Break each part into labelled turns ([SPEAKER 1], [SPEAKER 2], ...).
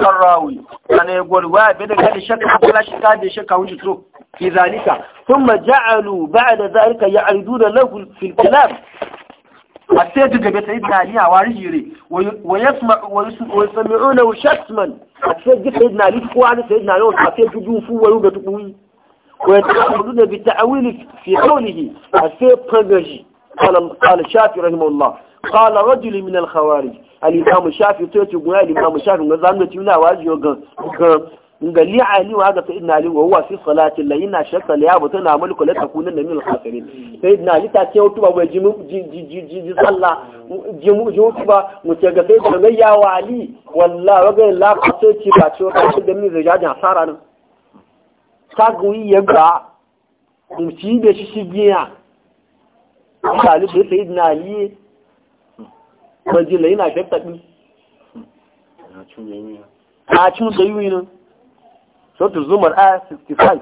[SPEAKER 1] الراوي كان يقول وابدا كان الشك ولا شك هذا الشك وجهته في ذلك ثم جعلوا بعد ذلك يعرضون له في الكلام السيد جبت عيد ناليا وارجيري ويسمع ويسمعونه شتما السيد جبت عيد ناليا وعلى سيد ناليا السيد جوفو ويوجد تقوي
[SPEAKER 2] ويتعاملون
[SPEAKER 1] بالتعويل في قوله السيد قال قال الشافعي رحمه الله قال رجل من الخوارج alimamu shafi to ci guna alimamu shafi ga zanu ci na wajiyo Gan, gan. ga li ali wa ga sayyidina ali wa huwa fi salati la yana shakka la yabu tana mulku la takuna min al khasirin sayyidina ali ta ce wato ba ji ji ji ji ji salla ji mu ji ba mu ce ga sayyidina ga ya wali ali wallahi wa ga la ka ce ci ba ci wato da mi zai da asara nan ka yi ya ga mu ci da shi shi biya Talib da Sayyidina Ali kwanji lai na shafta ɗin a cin da yi nan sautu zumar a 65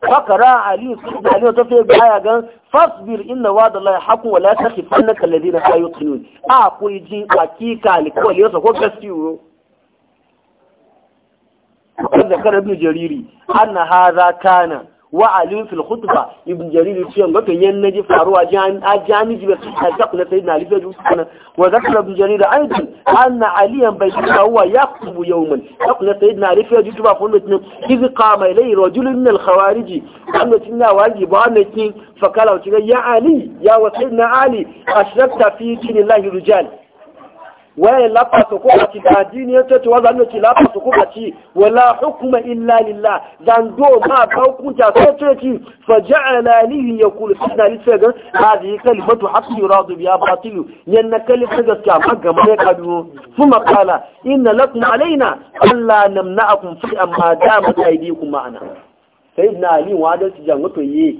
[SPEAKER 1] fakara aliyu sun da aliyu ta fiye baya gan fasbir inna wa da lai haku wa lai tafi fannin kalladi na kayo tunu a kuri ji hakika alikawal yasa ko gaskiyo wanda kara bin jariri an na haza kana وعلي في الخطبة ابن جرير يقول لك ينجي فاروه أجاني جبه سيحزق لسيدنا علي في جوسكنا وذكر ابن جرير أيضا أن عليا بيت هو يقصب يوما يقول لسيدنا علي في جوسكنا فلتنا إذ قام إليه رجل من الخوارج أنه سيدنا واجب وانتين فقال يا علي يا وسيدنا علي أشركت في كين الله رجال waye lafasa ko a cikin addini yace cewa zan yi lafasa ko a ci wala hukuma illa lillah zan do ma ba hukunta sai ce ci fa ja'ala lihi yaqul sunna li sai ga hadi kalimatu haqqi yuradu biha batil yanna kalimatu gaskiya ma ga mai kadu kuma qala inna lakum alaina alla namna'akum fi amma dama aydikum ma'ana sayyidina ali wa da jangoto yi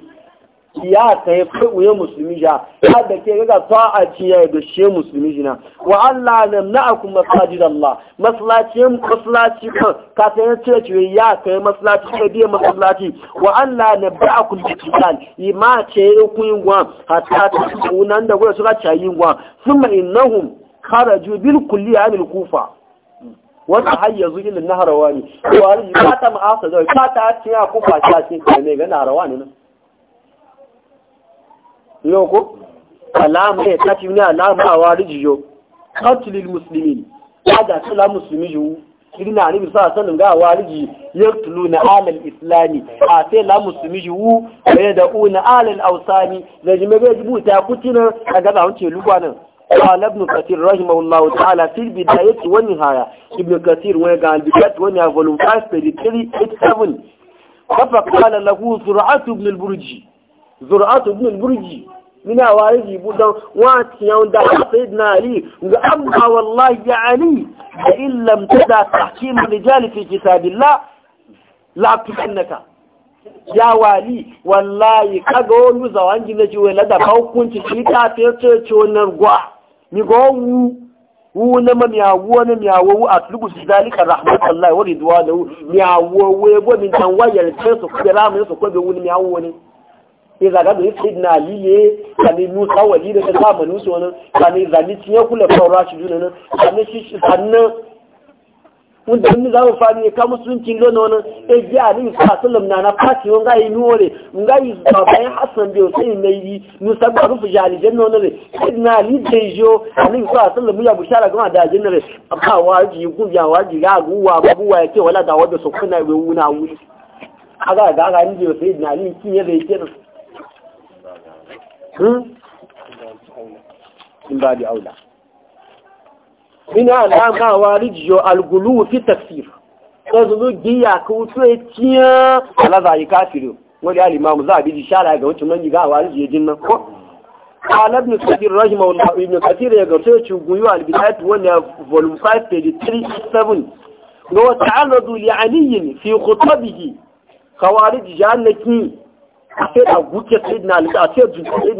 [SPEAKER 1] ya ta yi fi'uye musulmi ja ya da ke ga ta a ci ya da shi musulmi jina wa Allah na na'akum masajid Allah masallaci masallaci kan ka san ya cire ce ya ta yi masallaci ka biye masallaci wa Allah na ba'akum bitan ima ce ya kun gwa hatta ta unan da gwada suka cayi gwa thumma innahum kharaju bil kulli anil kufa wata hayya zuwa ilin na harawani ko har ta ma'asa zai ta ta ci ya kufa ta ci ne ga na harawani nan yoko alama ya tafi ne alama a wariji yau katilil musulmi ya ga tula musulmi yiwu alibi sa sanin ga wariji ya na alal islami a sai la musulmi yiwu da ya na alal ausani da jime bai jibu ta kutinar a gaba wuce lugwanin قال ابن كثير رحمه الله تعالى في البداية والنهاية ابن كثير البداية والنهاية فولوم 5 فقال له البرجي zur'atu ibn al-burji mina wariji budan wa tiya da sayyidina ali ga amma wallahi ya ali da lam tada tahkim rijal fi kitabillah la tukannaka ya wali wallahi kaga wani zawangi na ciwo la da hukunci shi ta fece ce wannan gwa mi go wu wu na ma wu na miyawo wu a atlubu su zalika rahmatullahi wa ridwanahu miyawo we bo min tan wayar ce su kira min su ko be wuni wu ne izaga da yake na liye kani musa wali da ta samu nusu wani kani zani cinye kula faura shi juna nan kani shi sannan wanda wani za mu fani ka musulunci lona wani e ji a ni sa sallam na na fati wani ga yi nuwore ga yi ba bayan hasan bai sai na yi nusa ba rufu jali wani ne na ni da jo a ni sa sallam ya bushara gama da janna ne amma waji kun ya waji ga guwa ba guwa yake wala da wanda su kuna wuna wuri aga ga ga ni da sai na ni kin ya Hmm? in ba da aula ina alama warijiyo algulu fi tafsir ɗazu giya ka wuce ya ciye alaza yi kafiru wani alimamu za a biji shara ga wancan manyi ga wa warijiyo jin nan ko قال ابن كثير ibn الله ya كثير يقول شوغيو على البداية wani volume 5 page 37 هو li لعلي fi خطبه خوارج جانكي a ce da guke sayid na alita a ce jinta sayid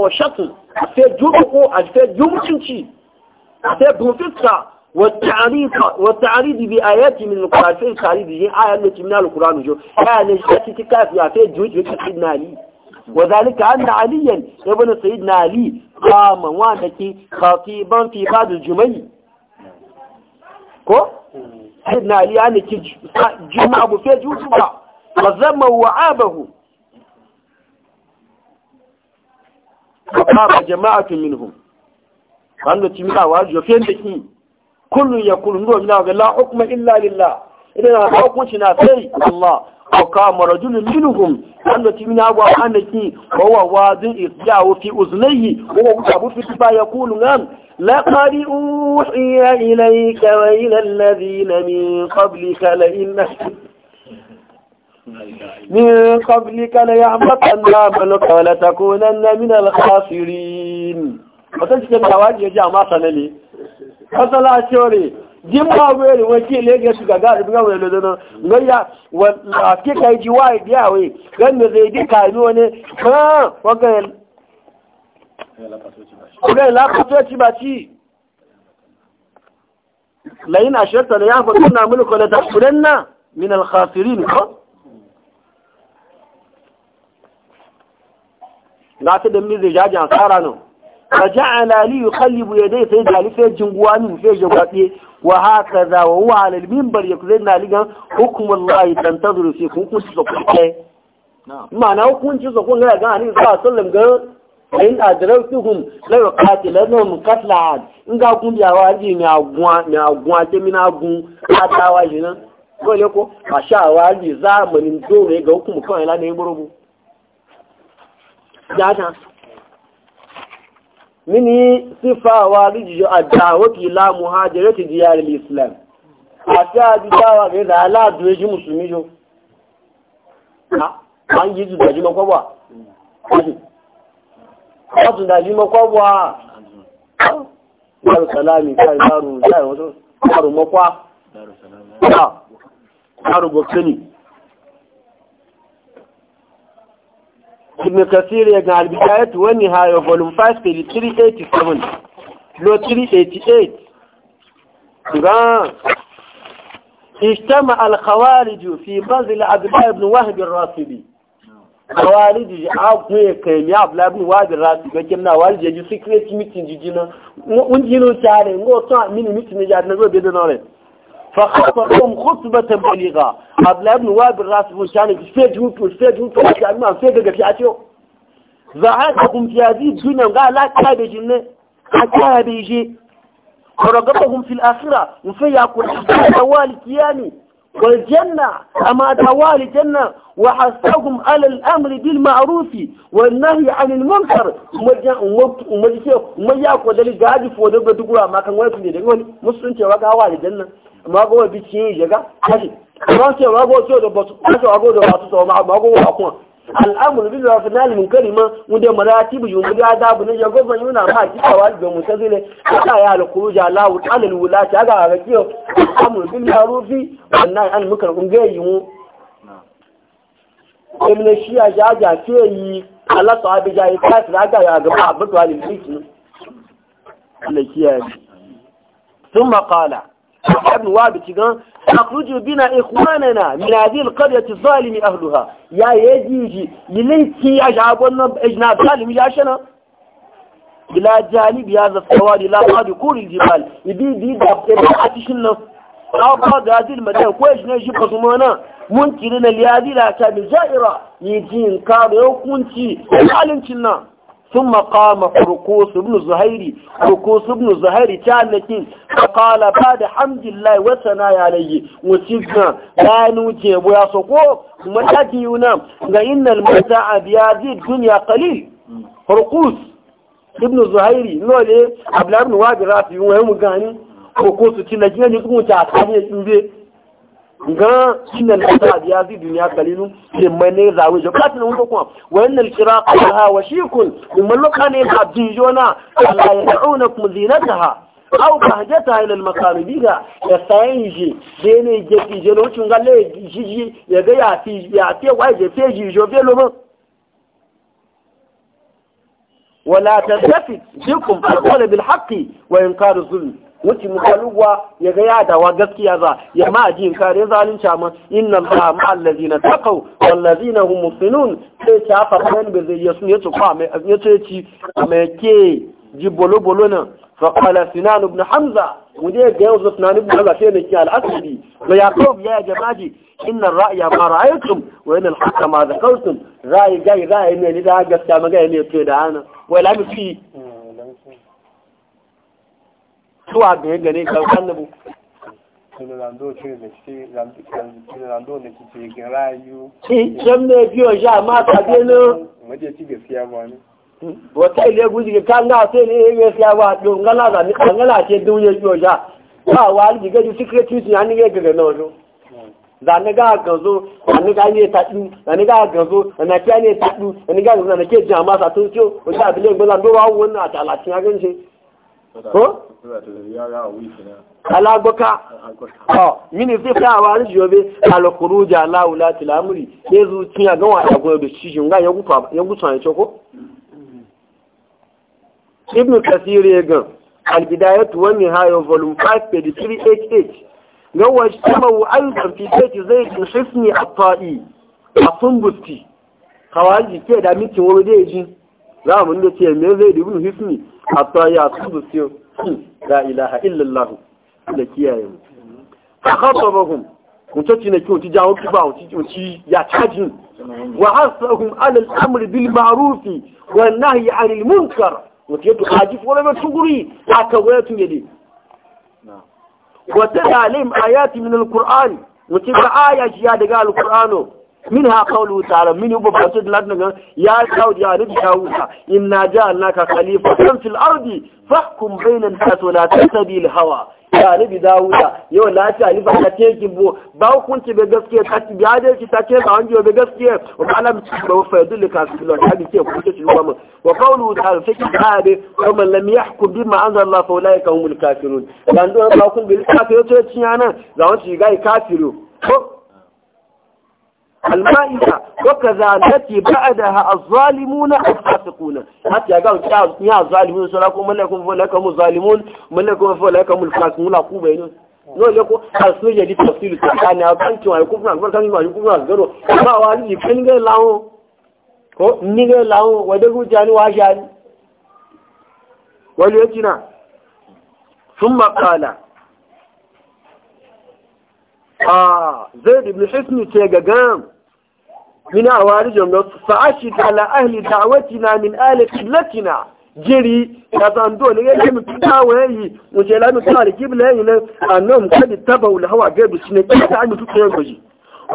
[SPEAKER 1] wa shatu a ce jubi ko a ce jubucinci a ce bi a yati min lukura ce tari di jin aya ne kimina lukura nujo aya ne shi a ce tika fi a ce jubi jubi sayid na ali wa zalika an na aliyan ya bane sayid na ali kama wanda ke kafi ba da jumai ko? Sayid ali ya ne ki juma abu fe jubi وذم وعابه وقام جماعة منهم قالوا تميلا واجه فين دكي كل يقول نور من لا حكم إلا لله إذا حكم شنافي الله وقام رجل منهم قالوا تميلا وعنكي وهو واضع إصدعه في أذنيه وهو أبو في كفا يقول نعم لقد أوحي إليك وإلى الذين من قبلك لئن أشركت من قبلك ليعمطن عملك ولتكونن من الخاسرين wata cikin tawaji ya ji a masa na ne kasala shore jimma wani wake lagos ga gari ga wani lodonon gaya a kika ji wa biya wai ganda zai bi kami wani kan wakai lafatoci ba ci layin ashirta ya fi suna ko ga ta da mizi jaji an tsara nan ka ja'ala li yuqallibu yadayhi sai jali sai jinguwa ni sai jagwabe wa haka hakaza wa huwa ala al-minbar yakuzina ligan hukmullahi tantazuru fi hukunci su kuke ma'ana hukunci su kun ga ga ni sa sallam ga in adratuhum la yuqatilanhum qatla in ga kun ya waji mi agwa mi agwa te mi na gun atawa jinan ko le ko asha waji zamanin dole ga hukumu kan ila ne murubu jata mini sifa wa rijiyo addawati la muhajirati diyar al-islam àti àdìjáwà rẹ̀ rẹ̀ aláàdúréjú mùsùlùmí yóò ma ń yí jù dájúmọ́ kọ́ wà wọ́n tún ibn kasir yana albidayat wa nihayat volume 5 page 387 lo 388 ga ijtama al khawarij fi bazl adbar ibn wahb ar rasidi khawarij abu kai mi abla ibn wahb ar rasidi ga kemna walij ji secret meeting jijina un jino tare ngo to mini meeting ja na go be do knowledge فخطبهم خطبة بلغة قبل الله واب الراس بوشان فيد وط فيد وط كان ما فيد قتياتيو زعاتهم في هذه الدنيا قال لا كاد جنة كاد يجي ورغبهم في الآخرة وفي يقول حتى والكياني والجنة أما توالي الجنة وحثهم على الأمر بالمعروف والنهي عن المنكر وما يأكل ذلك قاعد ودب بدقوا ما كان ويكم يدقون مسلم تيوا قاوالي الجنة ما قوة بيتشين يجا حاجي ما سيوا قوة سيوا دبطو ما سيوا قوة دبطو ما قوة أقوان al'amur bi da fi nalimin karima wanda marati bi yungu da da bu ya gofa yuna ma kitawa ta mutazile aka ya al-khuruja la wa alal wulati aga ga kiyo al'amur bil ma'rufi wannan an muka kun ga yiwu ibn shiya ja ja ke yi ala sahabi ja yi kafir aga ya ga abu talib ne Allah kiyaye ثم قال abin wabi ci gan akruji bina ikhwanana min hadhihi alqaryati zalimi ahluha ya yajiji ni lai ci ya jagon na zalimi ya shana bila jalib ya za sawari la qad kuri jibal idi di da ke ba ci shin na aba da hadhihi madan ko ajna ji ko kuma na mun kirina liyadi la ta bi zaira yijin ka da hukunci alincin nan ثم قام ركوس بن زهيري ركوس بن زهيري تعلقين فقال بعد حمد الله وثناء عليه وسيدنا لا نجيب ويا سقو متاجيونا لأن المتاع بهذه الدنيا قليل ركوس بن زهيري نولي أبلا بن وابي رافي وهم غاني ركوس تنجيني تكون تعتاني ga sunan ta ya zi duniya kalilu da mai ne jo katin kuma wannan kira qalha wa shikun umman lokane da dijona Allah ya da'una kum zinataha aw bahjata ila al maqam biga ya sayinji da ne je ti je lokacin galle jiji ya ga ya ti ya ti wai je ti ji jo be lo ولا تلتفت بكم القول الظلم wuce mukalugwa ya ga yadawa gaskiya za ya ma ji in kare zalunci ma inna allaha ma allazina taqaw wal ladina hum muhsinun sai ta faɗa kan bai zai yasu yace kwa mai yace ci mai ke ji bolo bolo nan fa qala sinan ibn hamza wuje ga yau sinan ibn hamza sai ne ki al asbi wa yaqub ya jama'i inna ra'ya ma ra'aytum wa inna al haqqa ma zakartum ra'yi gai ra'yi ne da gaskiya ma gai ne to da ana wai la zuwa ga yadda ne ga annabu
[SPEAKER 2] Ronaldo ce da kan gawa sai ya gaskiya ko?
[SPEAKER 1] alagbaka ọ mini fi fi awa ni jobe alokuru ja alahu lati lamuri ne zu tiya gan wa agun ebe shijin nga yagu tsan ya choko ibn kasiri gan albidayatu wani hayo volume 5 page 388 gan wa shamawu ayyukan fi sai zai tun hisni a a sun da mitin wani za mu da ce me zai dubu hisni hatta ya tudu siyo hmm, la ilaha illallah da kiyaye mu fa khatabahum mutacci ne kyauti jawo ci ci ya caji wa hasahum ala al-amr bil ma'ruf wa nahy 'anil munkar to haji wala ba tuguri aka waya tun yadi wa ta'alim ayati min al-qur'an mutacci aya ji daga al-qur'ano min ha kawo ta'ala min ubu ba su dilat daga ya kawo ya nabi kawo ta inna ja'alnaka khalifatan fil ardi fahkum bainan nas wa la tattabi al hawa ya nabi dawuda yau na ci alifa ta ce ki bo ba hukunci bai gaskiya ta ci ya dai ki ta ce ba wani bai gaskiya wa alam ba wa faidul ka su lord hadi ce ku ce shi mu wa qawlu ta'ala fi kitabe wa man lam yahkum bima anzala Allah fa ulaika humul kafirun dan do ba kun bil kafir to ci yana ga wani ga kafiru ko وكذا التي بعدها الظالمون الفاسقون حتى قال يا ظالمون سلاكم من لكم فلكم الظالمون من لكم فلكم الفاسقون لا قوة ينون نقول لكم السنة دي تفصيل التحاني أبانتوا يكفنا أكبر كان يكفنا أكبر ما والي يكفن غير لهم ni ga lawo wadagu jani wa jani wani yakina sun makala a zai da bilhisni ce ga gam mina a wari jami'a su ta ala ahli da'awati na min alifi latina jiri ya zando ne yake mutu ta wayayi wuce lamu ta alkibla yayi nan annum kadi tabawul hawa gaibu shine ta mutu ta yayi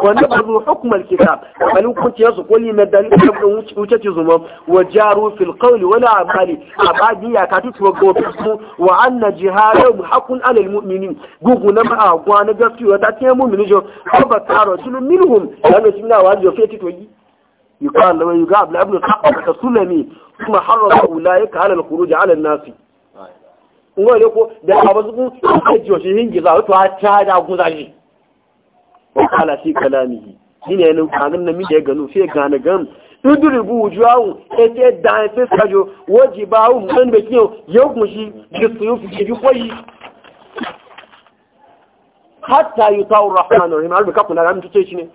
[SPEAKER 1] wanda ba zuwa hukumar kitab wani hukunci ya su koli na dalilin kabin wuce ci zuma wa jaru fil qawli wala amali abadi ya ka tuwa gobe su wa anna jihadu hakun alal mu'minin gugu na ma gwa na gaskiya ta ce mu'minin jo ko ba taro tulu minhum dan shi na wajo feti to yi yuqal lawa yuqab la ibn al-haqq kasulami kuma harrama ulaika ala al-khuruj ala an-nasi ngole ko da abazu ku ta jiyo shi hingi za to ta da guzaji wa kala fi kalamihi ne yanin kanin nan da ya gano sai gane gan idribu wujuhu ete dan te sajo wajibahu man be kiyo yau shi kisuyu fi ji koyi hatta yutawar rahmanu rahim albi kafin da ramin tuce shi ne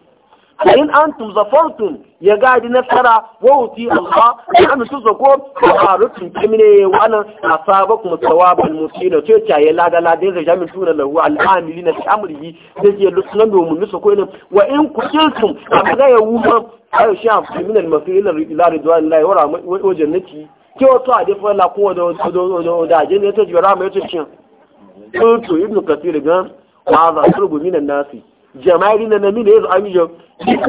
[SPEAKER 1] in antum zafartum ya gadi na tsara wa wuti alfa ya mi su zako a rutun kimine wannan asaba kuma tawabal musina ce ta ya lada lada da jami tuna lahu al'amili na amrihi da ke lutsunan domin nusa ko ne wa in kusiltum amma ga ya wuma ayo shi amfani min al-mafi'il ila ridwanillahi wa jannati ke wato a dafa la ko da da ajin ne to jira mai to cin kuntu ibnu kathir gan wa za turbu minan nasi jama'iri na nami ne ya zo an yi jau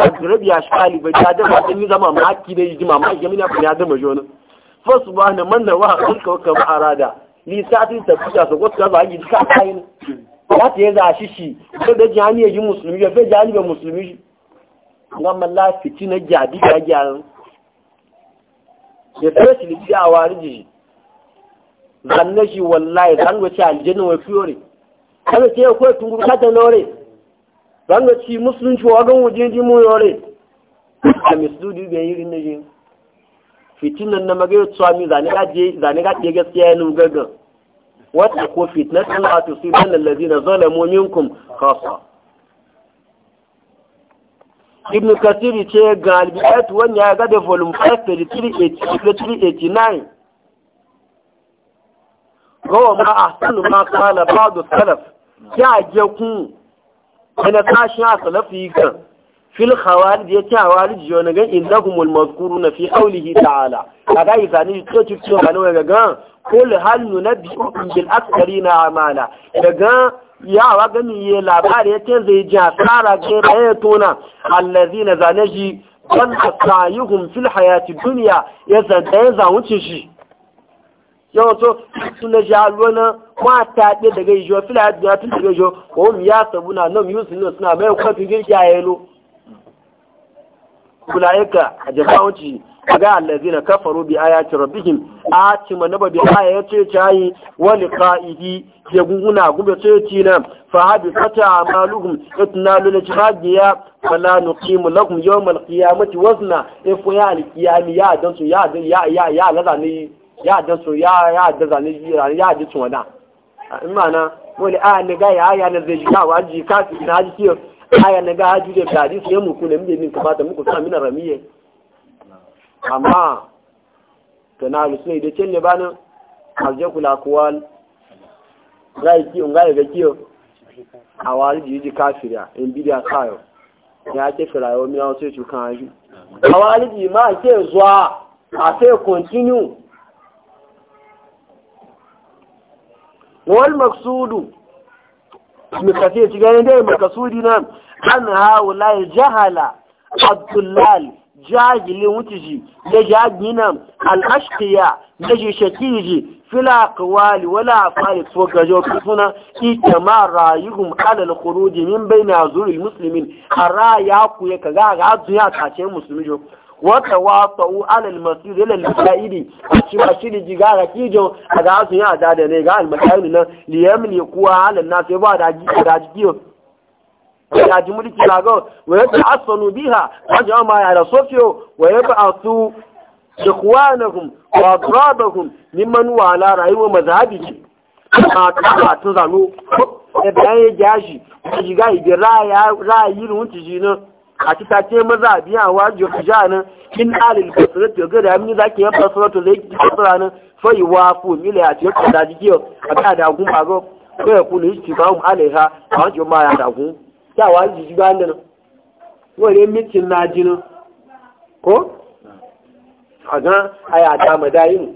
[SPEAKER 1] a rabi ya shi alibai ta dama sun yi zama maki da yi mamaki jami'a kuma ya dama jona fasu ba na manna wa kulka waka rada ni sati ta kusa su wasu kaza yi ka kayan ya ta yi za a shishi ko da jami'a ya yi musulmi ya fi jami'a ba musulmi shi ga malla fiti na jabi ga gyaran ya fi shi lifi a wari shi. zanne shi wallahi zanwace aljanna wa fiyore kada ce ya kawai tunguru kada lore zanga ci musulunci wa gan wajen ji mu yore a misdudu bai yi rinna yi. fitinan na magana tsami zane ga ɗaya gaskiya ya nun gaggan wata ko fitinan suna a tusi ban lalazi na zalamu minkum kasa ibn kasiri ce ga albiyat wani ya gada volume 5389 gawa ma a sanu ma kala ba da salaf ya je kun kana kashin a salafi kan fil khawarij ya ce khawarij yo na ga innahumul mazkuruna fi qawlihi ta'ala kaga izani to ci to kana ga ga kul hal nunabbi'ukum bil aktharina amala daga ya wa gani ya labari ya ce zai ji asara ga rayatuna allazina zanaji kan asayuhum fil hayati dunya ya zanta ya zawuce shi yau to suna ruwa na ta ɗe daga ijo fila ya tun daga ijo ko mu ya sabu na nan yusuf suna mai kwafin girki a yalo kulaika a a ga na kafaru bi ayati rabihim a ci manaba bi ayati tayi wani liqa'ihi ya gunguna gube tsoci na fa habi fata amaluhum itnalu lajhadiya fala nuqimu lahum yawm alqiyamati wasu na ya alqiyami ya dan su ya ya ya ya lazani ya da so ya ya da zane ji ya ji tun wada in na wani a ne ga ya ya na zai ka wa ka su na ji kiyo a ya na ga ha ji da ta ji su yamu ku ne mije min ka fata muku sa mina ramiye amma kana lu sai da kelle bana aje alje kula kuwal gai ki un gai ga kiyo a wari ji ji kafira in bidiya kayo ya ce firayo mina sai cukan ji a wari ji ma ke zuwa a sai continue wal maksudu mi ci ganin dai makasudi nan an haula jahala abdullal jahili wuciji da al ashqiya da shi shakiji fila kawali wala fari so gajo kuna ita ma rayuhun al kuruji min bai na zuri musulmin a raya ku ya kaga ga azu ya kace muslimi jo wata wata u alal masu ila al-qaidi a ci ba shi a jigara a ga su ya da da ne ga al-makaini nan liyamli kuwa alal nas ya ba da ji da ji kiyo ya ji mulki lago wa ya ta'assanu biha wa jama'a ya rasofiyo wa ya ba'atu ikhwanahum wa adrabahum mimman wa ala rayuwa mazhabi a ta ta zano da bayan ya gashi shiga ibi ra'ayi ra'ayi ruwan tijinin a ci tace maza biya wa jiya nan in alil basiratu ga da mini zaki yan basiratu zai ki basira nan fa yuwafu a ya ce da jikiyo a ta da gun bago ko ya kula shi ba mu alaiha a wajen ma ya da gun ta wa ji ji ban nan wani mitin na jinin ko a ga aya ta madayin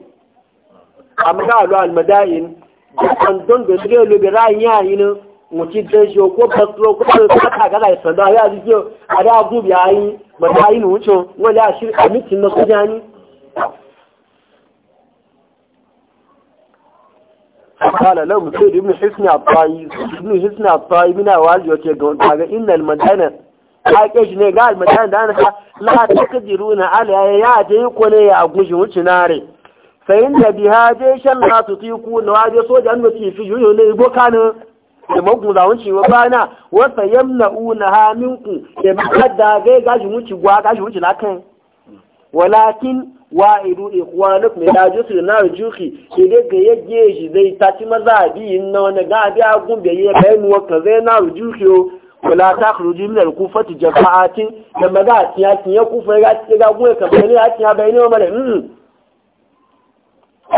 [SPEAKER 1] amma ga almadayin da kan don da zai lubi ra'ayin yayin mutu jo ko batro ko ta kaga da sada ya ji jo ada abu bi ayi ba yi mu cho wala ashir amitin na kujani قال لهم سيد ابن حسن الطائي ابن حسن الطائي من والي وكي قول إن المدينة haƙe shi ne ga almatan da ana la takdiruna ala ya je ko ne ya guji wuce nare sai da biha je shan la tutiku na waje soja an fi yuyo ne da maguza wuce wa bana wasa yamna una ha minku da bada gai gashi wuce gwa gashi wuce na kan walakin wa idu ikhwanuk mai daji su na juhi dai ga yage shi zai taci maza biyin na wani ga a agun bai yi kai nuwa ka zai na juhi o wala ta khuruji min al-kufati jama'atin da maga tiya tiya kufa ga tiya ga gwe ka bane ya tiya bayani wa mala mm.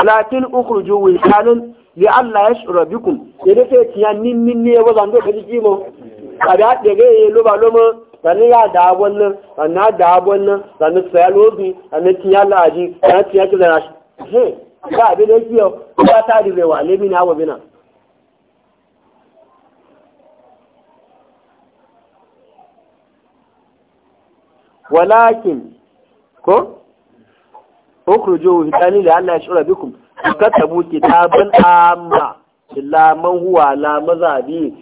[SPEAKER 1] lakin ukhruju wisanan li Allah ya shura bikum ya da sai tiya nin ne ba zan da kaji kimo a da da ga yi loba loma dan ya da wannan dan ya da wannan dan na saya lobi dan na tiya laji dan tiya ki da shi he ba abi da kiyo ba ta dire rewa le na wa bina walakin ko ukruju hitani li Allah ya shura bikum katabu kitabun amma illa man huwa la mazabi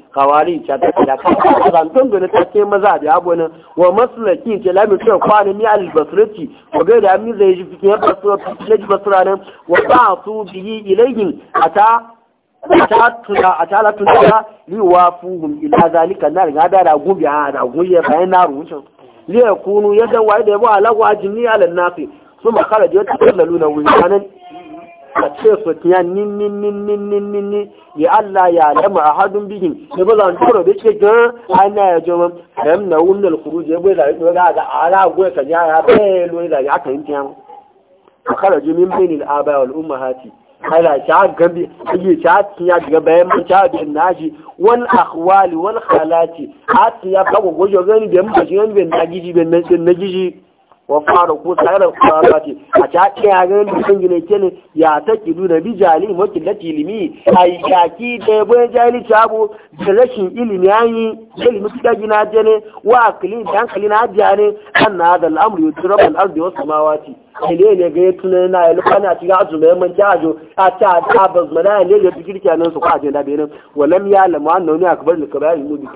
[SPEAKER 1] cha ta ta ka san tun don ta ce mazabi abonin wa maslaki ce la mi ta kwani mi al basrati wa ga da mi zai ji fikin basra ji basra nan wa ta'tu bihi ilayhim ata ata tuna ata la tuna li wafuhum ila zalika nar ga da gubi ha da gubi bayan na rubucin li yakunu yadan wa da ba la wajin ni al nafi suma kharaja yatakallaluna wa kanin. a ce su tiya nin nin nin nin nin nin Allah ya lama a hadun bihin ne ba za mu tura da ke gan ana ya jo mam kam na wunan khuruj ya bai da ga ga ala go ka ya ya bai lo da ya yi tiya mu kharaju min bainil aba wal ummahati ala ta gabi yi ta tiya daga bayan mun ta bin naji wal akhwali wal khalati a ba go gojo gani da mun ba shi gani ben nagiji na nagiji wa fara ko tsarar da ce a ya ake da lusun gine kele ya ta kidu da bijali makin da tilimi a yi yaki da ya jali tabo da rashin ilimi an ilimi suka gina jene wa akili da hankali na ajiya ne an na da al'amuri yau tura bal'ar ile ne ga yato na yana yalu kana ci ga azuma yamman ajo a ci a ta ba zuma na yalu ya fi kirkiya nan su kwa ajiyar dabe walam ya lamu an nauni a kabar da kabar yin nubi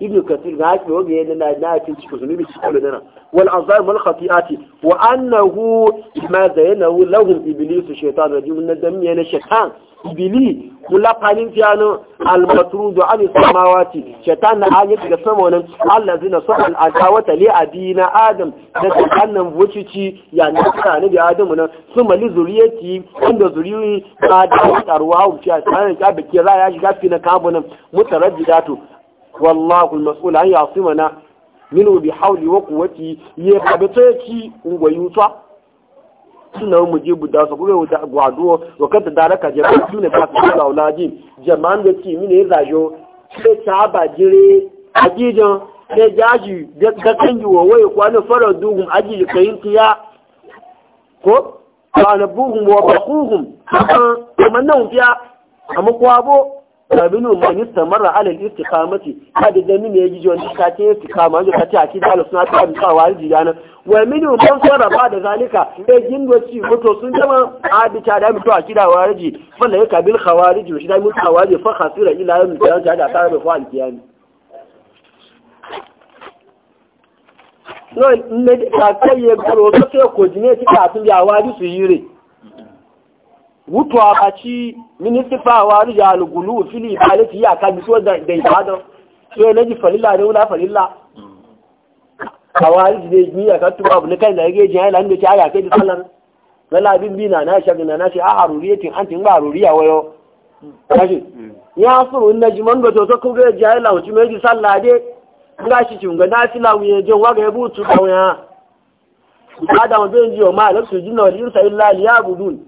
[SPEAKER 1] ibn kasir na haƙi wani yana na na yakin ci kusa nubi ci kwallo dana wal azar mal khati'ati wa annahu ma zayyanahu lahum iblisu shaitan rajim na damiya na shaitan bili kula fanin fiyano almatru da an samawati shaitan na an yadda sama wani Allah zina so an adawata li adina adam da tsakannan wucici ya na ne da adamu nan su mali zuriyati inda zuriyoyi ba da tarwa wuci a tsanin ka biki ra ya shiga fina kabu nan mutaraddidatu wallahu almas'ul an yasimana minhu bi wa quwwati ya babace ungwayuta sunna mujibu da su kuma wuta gwaduwa wa da raka jama'a su ne ba su suna wula ji jama'an da ci mini ya zajo sai ta ba jire a gijan sai jaji ga kanji wa waye kwanan farar duhun aji kayin tiya ko kwanabuhun wa bakuhun kuma nan fiya amma kwabo kabinu man yastamara ala al-istiqamati hadi da ne yaji jiwon ka ce istiqama ji ka ta ki da suna ta bi sa wali jana wa min man sara ba da zalika da jindo ci muto sun jama abi ta da muto akida wariji falla ya kabil khawarij shi da mutu khawarij fa khasira ila yawm al-qiyamah ta da ta da fa al no ne ka kai ya garo ta ko jine ci ka tun ya wali su yire wutu a ci ministifa wa rija alugulu fili ibadati ya ka bi so da ibadan so ne ji falilla ne wala falilla kawari ne ji ya ka tuba abu ne kai da yake jin haila ne ci aya kai da tsallar. wala bin bi na shaga na nashi a tin an tin ba haruriya wayo kashi ya suru na ji man goto to ko ga ji haila wuci me ji sallah de ga shi cin ga na fila wuye je wa ga butu da wuya ibada wajen ji o ma alaksu jinna wal irsa illa liyabudun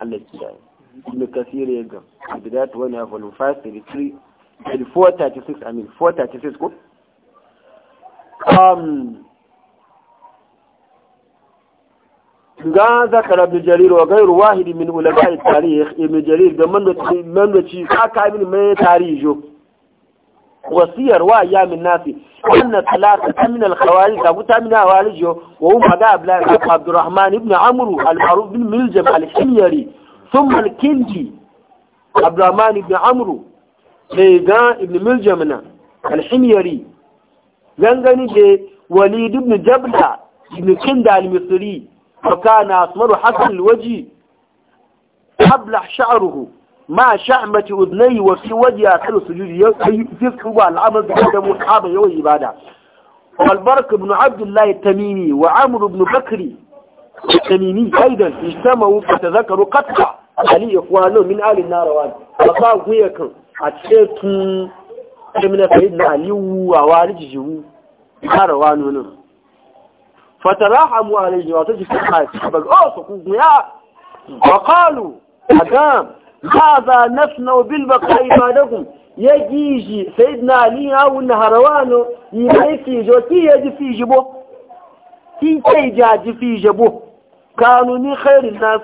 [SPEAKER 1] Allah kiyaye ibn kasir ya ga bidat wani ya volume 533 436 i mean 436 ko um ga zakara ibn jarir wa gairu wahidi min ulama at-tarikh ibn jarir da man da man da ci ka ka ibn mai tarihi jo wasiyar wa yamin nasi wannan talata ta min alkhawari ta guta min alkhawari wa huma ga abdullahi ibn abdurrahman ibn amru al-ma'ruf bin miljam al-himyari thumma al-kindi abdurrahman ibn amru sai ga ibn miljam na al-himyari gangani da walid ibn jabla ibn kinda al-misri fa kana asmaru hasan al-waji habla sha'ruhu ما شعمة أذني وفي fi wajha السجود sujudi yayi fisku ba al'amal da muhaba yayi والبرك بن عبد الله التميمي وعمر بن بكري التميمي أيضا اجتمعوا فتذكروا قطع علي إخوانه من آل النار الناروان فقال ويكم أتشيتم من سيدنا علي ووالجه ناروان هنا فتراحموا عليه وتجد الحاج فقال أوه وقالوا أقام هذا نفنو بالبقاء بعدكم يجي سيدنا علي أو النهروانو يجي تي يجي في جبو تي تيجي في جبو كانوا من خير الناس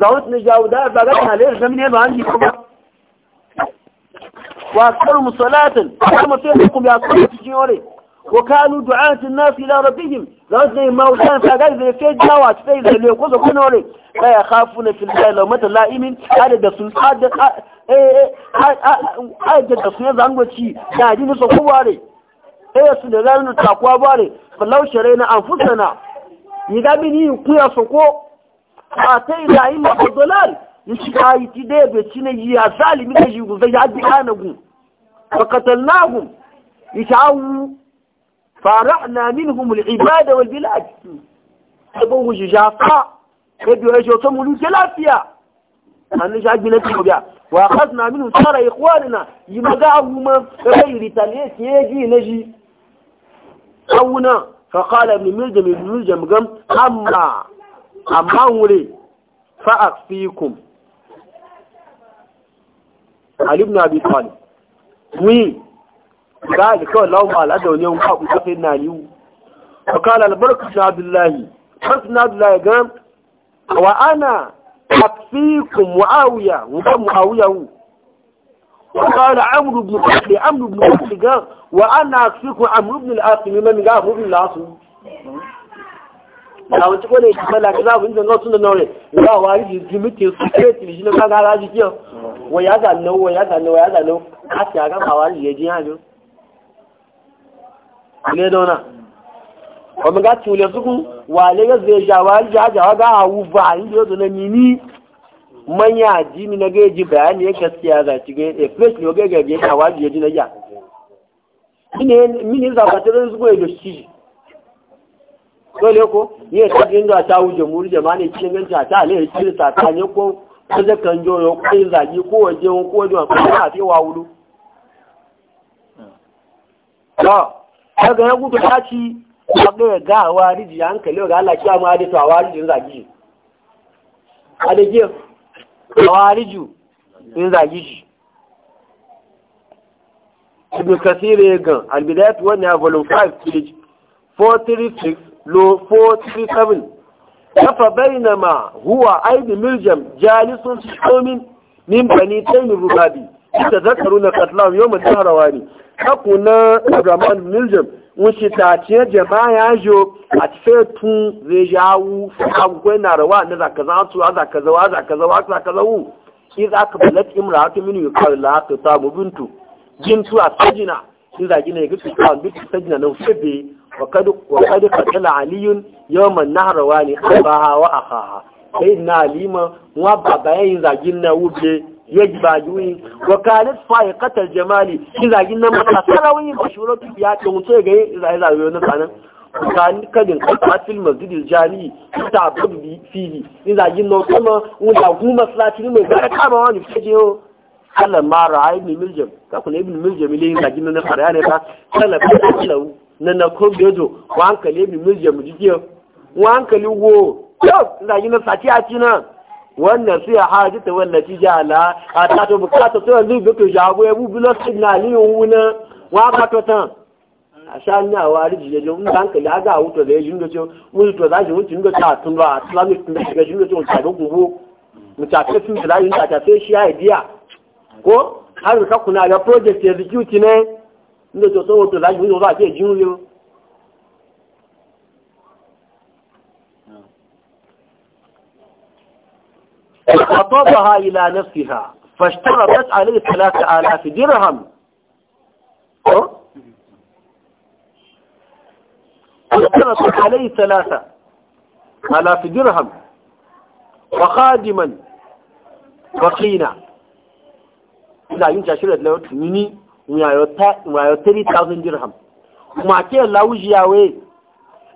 [SPEAKER 1] زعوت نجاو دار بغتنا ليش من يبقى عندي كبا وأكثرهم صلاة كما فيهم يا بأكثر تجيوري وكانوا دعاة الناس إلى ربهم لأنه ما وكان فقال إذا في جاوة فإذا اللي يقول كنوري لا يخافون في الله لو متى لا إيمن عدد سلطان عدد سلطان زنقوة شيء نادين أي إيه سلطان تقوى باري فلو شرينا أنفسنا يقابني يقوي أسوكو أتي إلا إلا الضلال يشكاية دي بيتنا يا ظالم يجي يقول زي عدي كانوا فقتلناهم يتعاونوا فرحنا منهم العبادة والبلاد ابو جافا كدو اجو تمولو سلافيا أنا جاء بنتي بيا وأخذنا منهم سارة إخواننا يمجعهم غير تليس يجي نجي أونا فقال ابن ملجم ابن ملجم قام أما أما ولي فأخفيكم علي بن أبي طالب وي ba ga kawai lawan al'ada wani na yiwu a kala na abdullahi farsu ga wa ana tafikun mu'awiya wukan mu'awiya wu wa kala amru bin kaɗe amru ga wa ana tafikun amru bin al'asimi ga amru bin al'asu
[SPEAKER 2] a wancan kone ya
[SPEAKER 1] da za a wari su ke wa ya zanen wa ya zanen wa ya zanen a ne dona ọmọ ga ti wule suku wale ga zai jawa ja jawa ga hawu ba da yau na nini manya jini na gaji bayani ya gaskiya za ci ga a eh, place ne ga gaji ya waji ya ji na ya mini za ka tare su goyi da shi dole ko ne ta dinga ta wuje muri jama'a ne cikin a ta alai ci ta ta ne ko kaje kan joyo ko zagi ko waje ko waje ko ta fi wa wulu
[SPEAKER 2] hmm. to
[SPEAKER 1] daga ya gudu ta ci ga ya ga wa ya hankali ga Allah kiya ma da to wa riji zagi a da giya wa in zagi shi ibn kasir ya gan albidayat wani a volume 5 page 436 lo 437 kafa bainama huwa aidi miljam jalisun fi min bani taymi rubabi tadhakkaruna qatlahum yawm al-tahrawani kaku na abdulrahman miljam ń ṣe tàtíyẹ ya yọ àti fẹ́ tún zai ya wú agogo na rawa na zakaza tu a zakaza wa zakaza wa zakaza wu za ka imra haka mini yi kawai la ta mu bintu su a sajina in zagi ne ga tuka wani duk sajina na febe wa kadu fatala aliyun abaha wa sai na alima wa baba yayin zagin na wube yajbajuyi wa kalit fahi katar jamali ki zagin nan masa sarawi ba shuro tu ya tun sai ga zai zai yau na sanan kan kadin qatil masjid jali ta bi fi ni zagin no kuma wanda ku masallaci ne mai gara kama wani fije yo Allah ma ra'ayi ni miljam ka kula ibn miljam ne ni zagin nan fara ne ta sala ba Allah na na ko gejo wa hankali ibn miljam jiye wa hankali go yo zagin na sati a cina. wannan suya ya haji ta wannan ci jala a ta to bukata to yanzu bi to jago ya bu bilo signal wuna wa ka to tan a sha ni a wari jiye jo mun dan kala ga wuto da yin do jo mun to da jo tun do ta tun ba islamic tun da yin do jo ta do gubo mu ta ta tun da yin ta ta sai shi idea ko har ka kuna ga project execute ne inda to so to da yin do ba ke jin yo فخطبها إلى نفسها فاشترطت عليه ثلاثة آلاف درهم أه؟ اشترطت عليه ثلاثة آلاف درهم وخادما وقينا لا ينجا شرط لو تنيني ويو 30,000 درهم وما كان لاوجي ياوي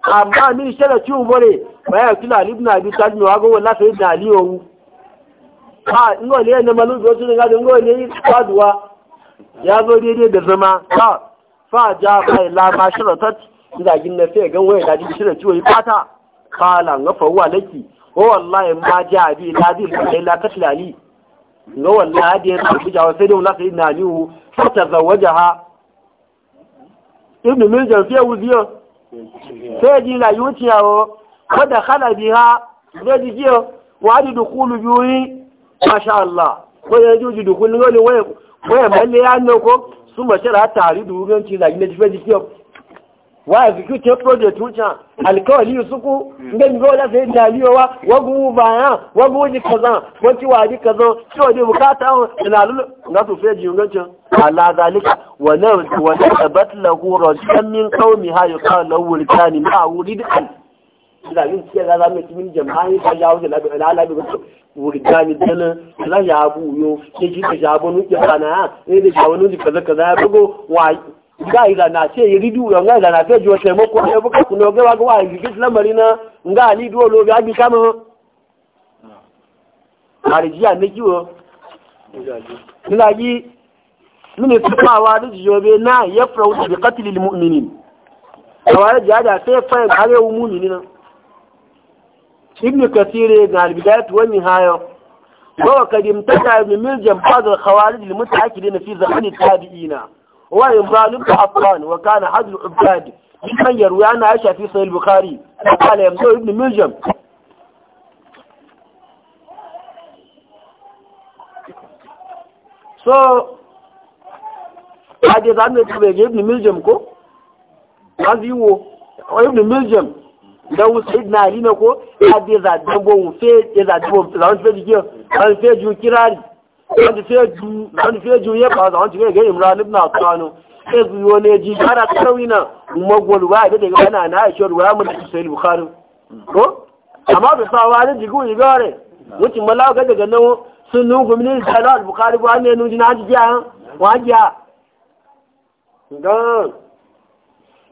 [SPEAKER 1] أما من شرط يوم بوري ما يأتي لعلي ابن أبي تعلم وقال والله سيدنا علي ha ngo ne ne malu zo tun ga ngo yi faduwa ya zo daidai da zama ha fa ja kai la ma shiratat ina gin na sai gan waya da ji shirin ciwo yi fata kala nga fa wa laki wa wallahi ma ja bi la bi kai la katlali nga wallahi da ya fi jawo sai dai wala sai na nihu fa tazawajaha ibnu miljan sai wuziyo sai ji la yuciyawo kada khala biha zai ji wa adi dukulu biyu masha Allah ko ya juji da kullun wani waya waya ya nan ko su mace ra tare da wuganci da gina jife jiki wa execute project wuce alkawali suku ngan go la sai daliyo wa wagu baya wagu ji kaza ko ci waji kaza ci waji bukata ina lulu na su feji ungancin ala zalika wa na wa tabat lahu rajulan min qaumi ha yuqalu lahu al-kani ma urid al da yin cikin za zama cikin ba wuce labi dana ya ji ka ja bonu ke ne da ja ji kaza ya bugo wa ga na ce ga na ce ne buka kuno ga wa yi na nga ali do lo ga bi kama da na ya fara wuce bi mu'minin kare mu'minin ابن كثير قال بداية والنهاية قد امتنع ابن ملجم بعض الخوارج المتأكدين في زمن التابعين هو وإمران ابن عطان وكان حد العباد ممن يروي عن عائشة في صحيح البخاري قال يمتنع ابن ملجم سو hadith an ابن ملجم كو ibn miljam ابن ملجم don sayidina ali ne ko ya bi zadabo mu fe ya zadabo zawon fe jikiyo zawon fe ju kirari zawon fe ju zawon fe ju ya ba zawon fe ga imran ibn afan sai zuwa ne ji bara karawi na magwal wa da daga ana na aisha ruwa mun da sai bukhari ko amma da sawa da jigo yi gare mutum malaka daga nan sun nugu min sai bukhari ba ne nuji na ji ya wa ga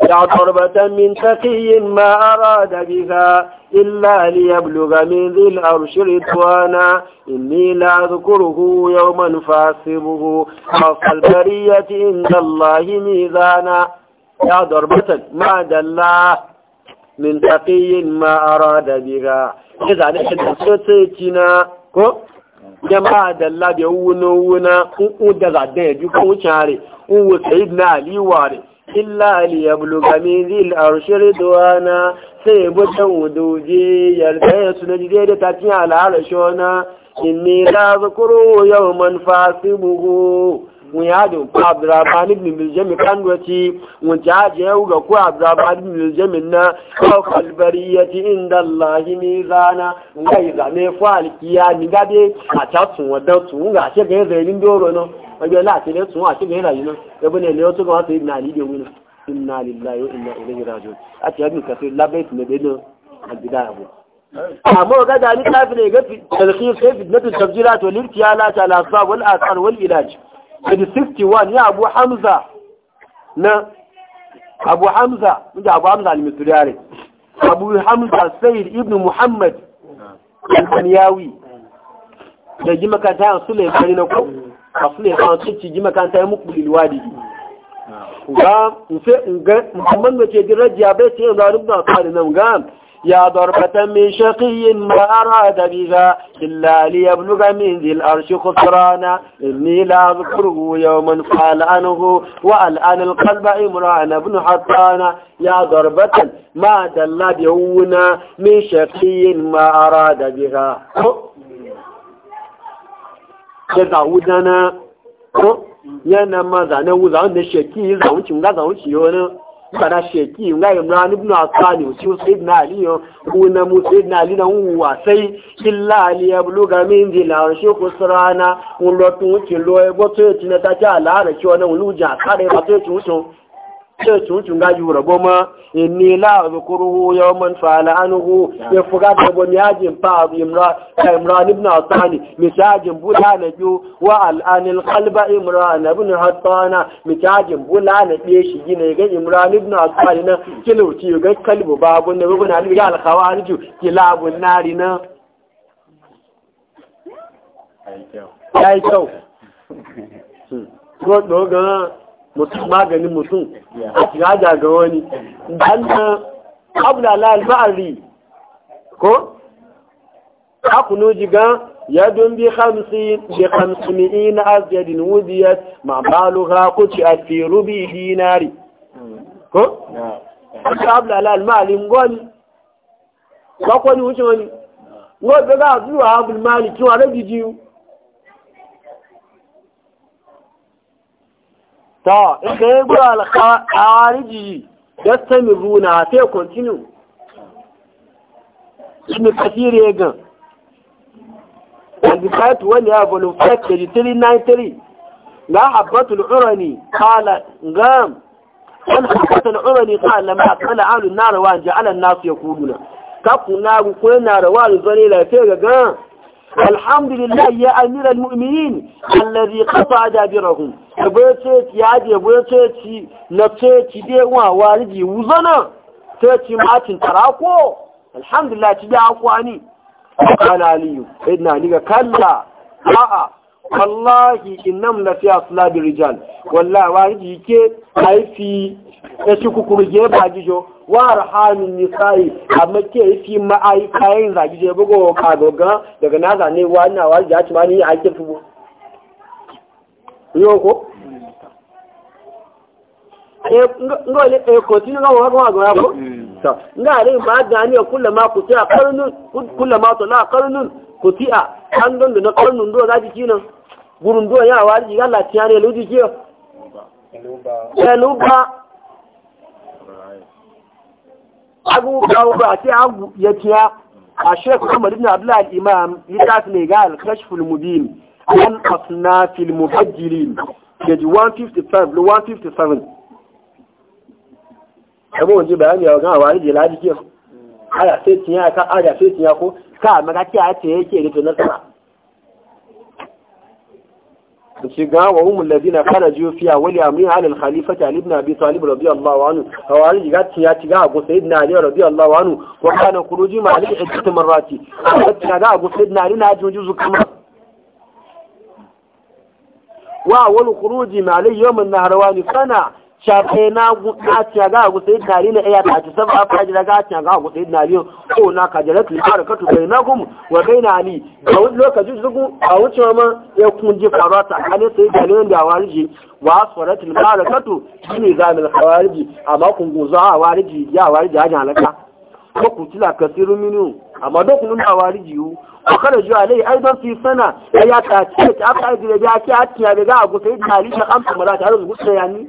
[SPEAKER 1] يا ضربة من تقي ما أراد بها إلا ليبلغ من ذي الأرش رضوانا إني لا أذكره يوما فاصبه خاصة البرية عند الله ميزانا يا ضربة ما دل من تقي ما أراد بها إذا نحن سوتيتنا يا ما دل بيونا ونا ودا زادين جوكو وسيدنا علي واري illa liyabluga min zil arshi duwana, sai butan wuduji yarda ya na jide da tafiya al'arashona inni la zukuru yawman buhu wuyado ko abdurrahman ibn miljam kan wati wunta haje ga ko abdurrahman ibn miljam na ko kalbariyati inda allah mizana ngai ga ne fal kiyami gade a ta tun tun ga ce ga zainin doro no wajen la ne tun a ga rayu no ya bane ne wato ga sayyidina ali da inna lillahi wa inna ilaihi raji'un a ce ibn kasir labait ne da no albidaya bu amma ga da ni tafi ne ga talqis kai fitnatu tafjirat wal irtiyalat al asbab wal athar wal ilaj 61 ya abu hamza na abu hamza inda abu hamza al-misriyari abu hamza sayyid ibn muhammad al da ji makanta yan na a sulaimani sun ci ji makanta ya muku lilwadi ga nfe ga muhammad mace jirajiya bai ce yanzu a rubna nan gan. يا ضربة من شقي ما أراد بها إلا ليبلغ من ذي الأرش خسرانا إني لا أذكره يوما قال عنه وألآن القلب عمران بن حطانا يا ضربة ما دل بهونا من شقي ما أراد بها يزعودنا yana ma zane wuza wanda shaki zauncin ga zaunci kana ṣe kí imran ìmúra asani usu sayyidina ali yo kuna mu sayyidina ali na wa sai illa ali yabluga min dil arshi kusrana ulo tun ti lo e bo to ti na ta ja la re ki ona ulu ja kare ba to ti tuntun gaji wura goma inni la zukuruhu yawman fa'ala anhu ya fuga da bo miyajin fa imra imran ibn asani misajin bula na biyu wa al'anil qalba imran ibn hattana misajin bula na biye shi gina ga imran ibn asani na kilauci ga kalbu babu ne babu na ga alkhawariju kilabun nari na ya yi kyau. Ko dogon mutum maganin mutum a shiga ga wani banna abdala al-ba'ari ko akunu jiga yadun bi khamsi bi khamsimi'ina azyadin wudiyat ma baluha kuti a fi rubi dinari ko abdala al-mali ngon bakwani wuce wani ngon a zuwa abdul mali kiwa rabi jiyu ta inda ya gura a alkhawariji ya sami runa sai kontinu ibn kathir ya gan
[SPEAKER 2] and the site
[SPEAKER 1] wani ya volum 5393 na habbatul urani kala gam an habbatul urani kala ma kala alun narawa ji alan nasu ya kuduna kakuna ku narawa rawa zane lafiya ga gan الحمد لله يا أمير المؤمنين الذي قطع دابرهم يبوتيت يادي يبوتيت نبتيت ديوا والدي وزنا تيتي ماتن تراكو الحمد لله تبيع أقواني قال علي إذن عليك كلا لا والله إنم لفي أصلاب الرجال والله والدي كي أي في يشكو كرجيب عجيجو wa arhamin nisa'i amma ke fi ma'ai kayan zagi je bugo e, ka goga daga na zane wa ina wa ya ci mani ake fubo yo ko eh ngole eh ko tin ga wa ga ga ko mm. ta ngare ma dani kullama ku ta qarnun kullama ma la qarnun ku ti'a an don da qarnun do zaki kinan gurun do ya wa ji Allah tiyare ludi kiyo
[SPEAKER 2] eluba eluba
[SPEAKER 1] abubuwa ba sai an ya tiya a shek kuma ibn Abdullah al-Imam littafi ne ga al-Kashf mubin an asnaf al-mufajjilin page 155 to 157 kamo ji bayani ya ga wani da ladi ke aya sai tiya ka aya sai tiya ko ka maka kiya ce yake da tunansa shiga wa humul ladina kharaju fiya wali amrin ala al-khalifati ali ibn abi talib radiyallahu anhu hawari ga ya ci tiga abu sayyidina ali radiyallahu anhu wa kana khuruji ma ali iddat marrati hatta ga abu sayyidina ali na juju kuma wa wal khuruji ma ali yawm an-nahrawani sana shafe na gudaci ga a gutsayi tari na iya taci sab a faji na gaci ga a gutsayi na liyo ko na kajara tilmar ka tukai na gum wa bai na ni a wani lokaci zugu a wuce ma ya kunji faruwa tsakanin sai da liyan da warji wa asfara tilmar ka tu shi ne zamil hawarji amma kun guza a warji ya warji hajji halaka ko kutila kasiru minu amma dokunan a warji yiwu وخرج عليه أيضا في سنة هي تأتيت أقعد لبيعك أتيا بقى قلت إذن عليك خمس مرات عرض قلت يعني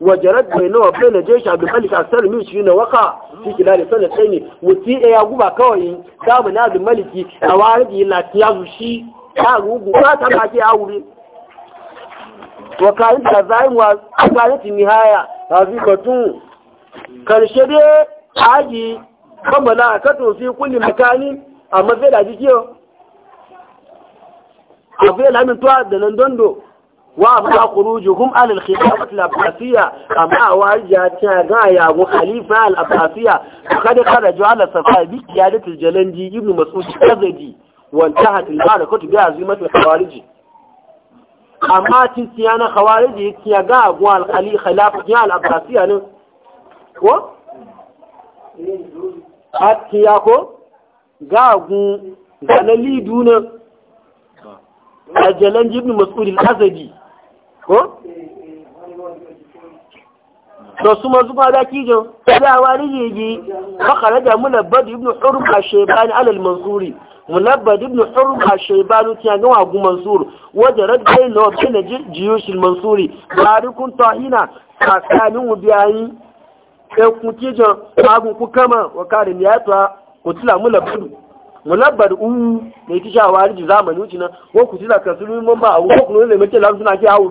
[SPEAKER 1] Wajarar bai nawa bai na jesha bin malik aksar min shi na waka shi kila da sanar sai ne wuti ya guba kawai samu na bin maliki a wari da yi lafiya su shi
[SPEAKER 2] ta gugu ta ta ba ke a
[SPEAKER 1] wuri wakayin da zayin wa akwai mihaya a zikatun karshe dai aji kammala a katon fi kulli makani a matsayi da jikiyo a fiye lamin tuwa da nan dondo وأما خروجهم على الخلافة الأباسية أما واجهتها غاية وخليفة الأباسية وقد خرجوا على الصفاء بكيادة الجلندي ابن مسؤول كذدي وانتهت المعركة بعزيمة الخوارج أما تسيانا خوارج تيغا والخلي خلافة الأباسية و Atiya كو Gagun, zanen lidu nan, a jalan jibin masudin
[SPEAKER 2] ko to su
[SPEAKER 1] mazu fada kijo tsayawa rigigi fakara da munabbad ibn hurm ash-shaybani ala al-mansuri munabbad ibn hurm ash-shaybani tiyan ga wagu mansur wajen radai lo bin jiyush al-mansuri barikun tahina tsakanin mu biyayi sai ku kijo agun ku kama wa karin ya ta ku tila munabbad munabbad u ne tishawa rigi zamani uci nan ko ku tila kasulun mun ba a ko ku ne mace lan suna ki hawo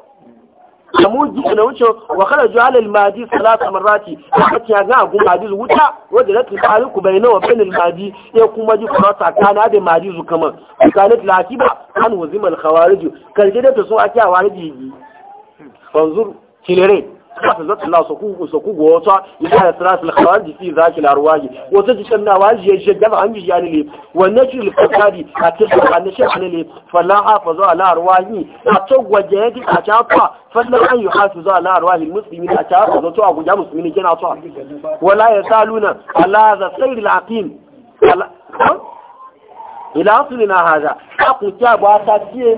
[SPEAKER 1] samuji da wuce wa kada ju'al al-mahdi salata a kace ya ga wuta wanda la tsariku bayna wa nawa al maji ya kuma ji kurata kana da maji zu kama kanat lakiba an wazim da khawarij kalgida ta sun ake a wariji fanzur kilere حفظت الله صكوك وصكوك ووطع يحال ثلاث الخوارج في ذاك الأرواج وتتشمنا واجه يجدف عن جيان لي والنجر الفكاري أتشف عن نشف عن لي فلا حافظ على أرواجي أتوق وجهك أتعطى فلا أن يحافظ على أرواج المسلمين أتعطى وتوع وجه مسلمين جنة ولا يسألون على هذا سير العقيم على... إلى أصلنا هذا أقول يا أبو أساسي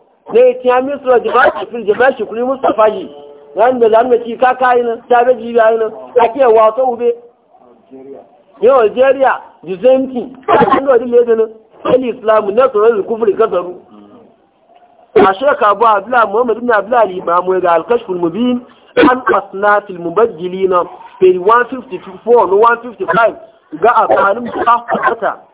[SPEAKER 1] na ya tiya misra jimashi fil jimashi kuli mustapha yi ran da zan mace ka kayi na ta gaji ya yi nan a ke wato ube yau algeria the same thing a kan da wadile da nan kan islam na tsoron da kufri kasaru a shekha abu abdullahi muhammad ibn abdullahi imamu ga alkashful mubin an asnafil mubajjilina na 154 no 155 ga abanin ta fata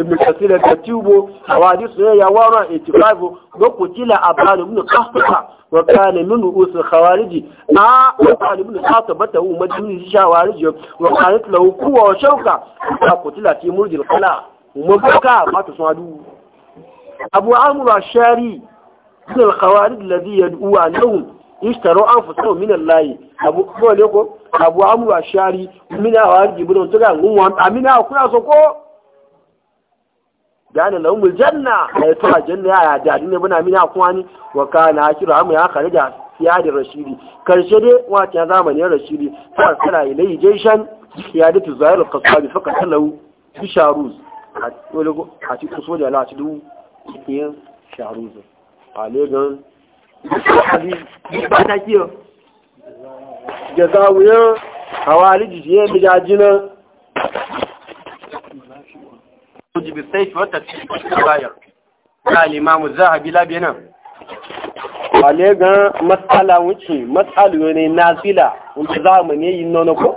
[SPEAKER 1] ibn kasir da tubo hawadis ne ya wara itikafu ga kutila abdal ibn qahfa wa kana min usul khawarij a abdal ibn qahfa bata hu madini shawarij wa qalat lahu kuwa shauka ka kutila ti murjil qala mabaka mata sadu abu amru ashari min al-khawarij alladhi yad'u anhum ishtaro an fusa min Allah abu ko ne ko abu amru ashari min al-khawarij ibn tuga ngumwa amina kuna so ko yana lahumul janna ay to janna ya da din ne buna mina kuma ni wa kana akiru amu ya kharija da rashidi karshe dai wata ya rashidi fa sala ilai jayshan siyadatu zahir al-qasabi fa lau bi sharuz a ci kuso da lati du yin sharuz a legan ba ta kiyo jazawiyar hawali jijiyar bijajina sai يجب السيف والتكفير والتغير قال الإمام الذهبي لا بينا wale ga matsala wuce matsalo ne nazila wanda za mu ne yin nono ko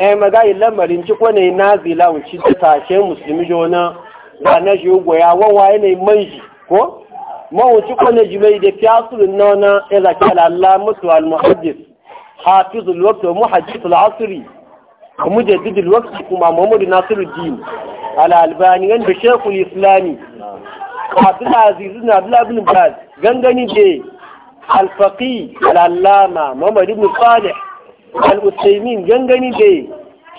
[SPEAKER 1] eh maga lamarin ci ko ne nazila wuce ta tashe musulmi jona ba na shi goya wawa ne manji ko mawuci kone jimai da fiyasurin nona ya zaki al'allah mutu al-muhaddis hafizul wakti wa muhaddis al'asiri a mujaddidul wakti kuma muhammadu nasiru dini al'albaniyan da shekul islami abdulaziz na abdulabin baz gangani da alfaqi al'allama muhammad ibn salih al'usaimin gangani da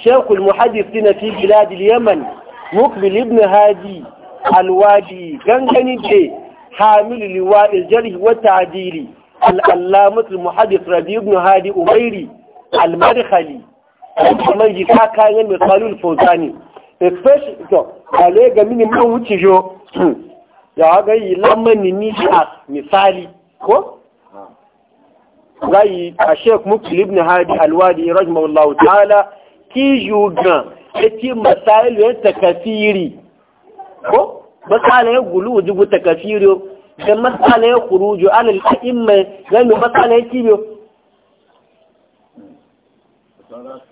[SPEAKER 1] shekul muhaddis na fi biladil yaman mukbil ibn hadi alwadi gangani da hamil liwa'il jarh wa ta'dili al'allamatul muhaddis rabi ibn hadi umairi al-madkhali kuma jika kayan misalul fawzani especially to ale ga mini man wuce jo ya ga yi lamani ni a misali ko gayi a sheik mukul ibn hadi alwadi rahimahullahu ta'ala ki gan juga eti masailu ta kafiri ko masala ya gulu ta takafiri da masala ya kuruju alal a'imma gani masala ya kibiyo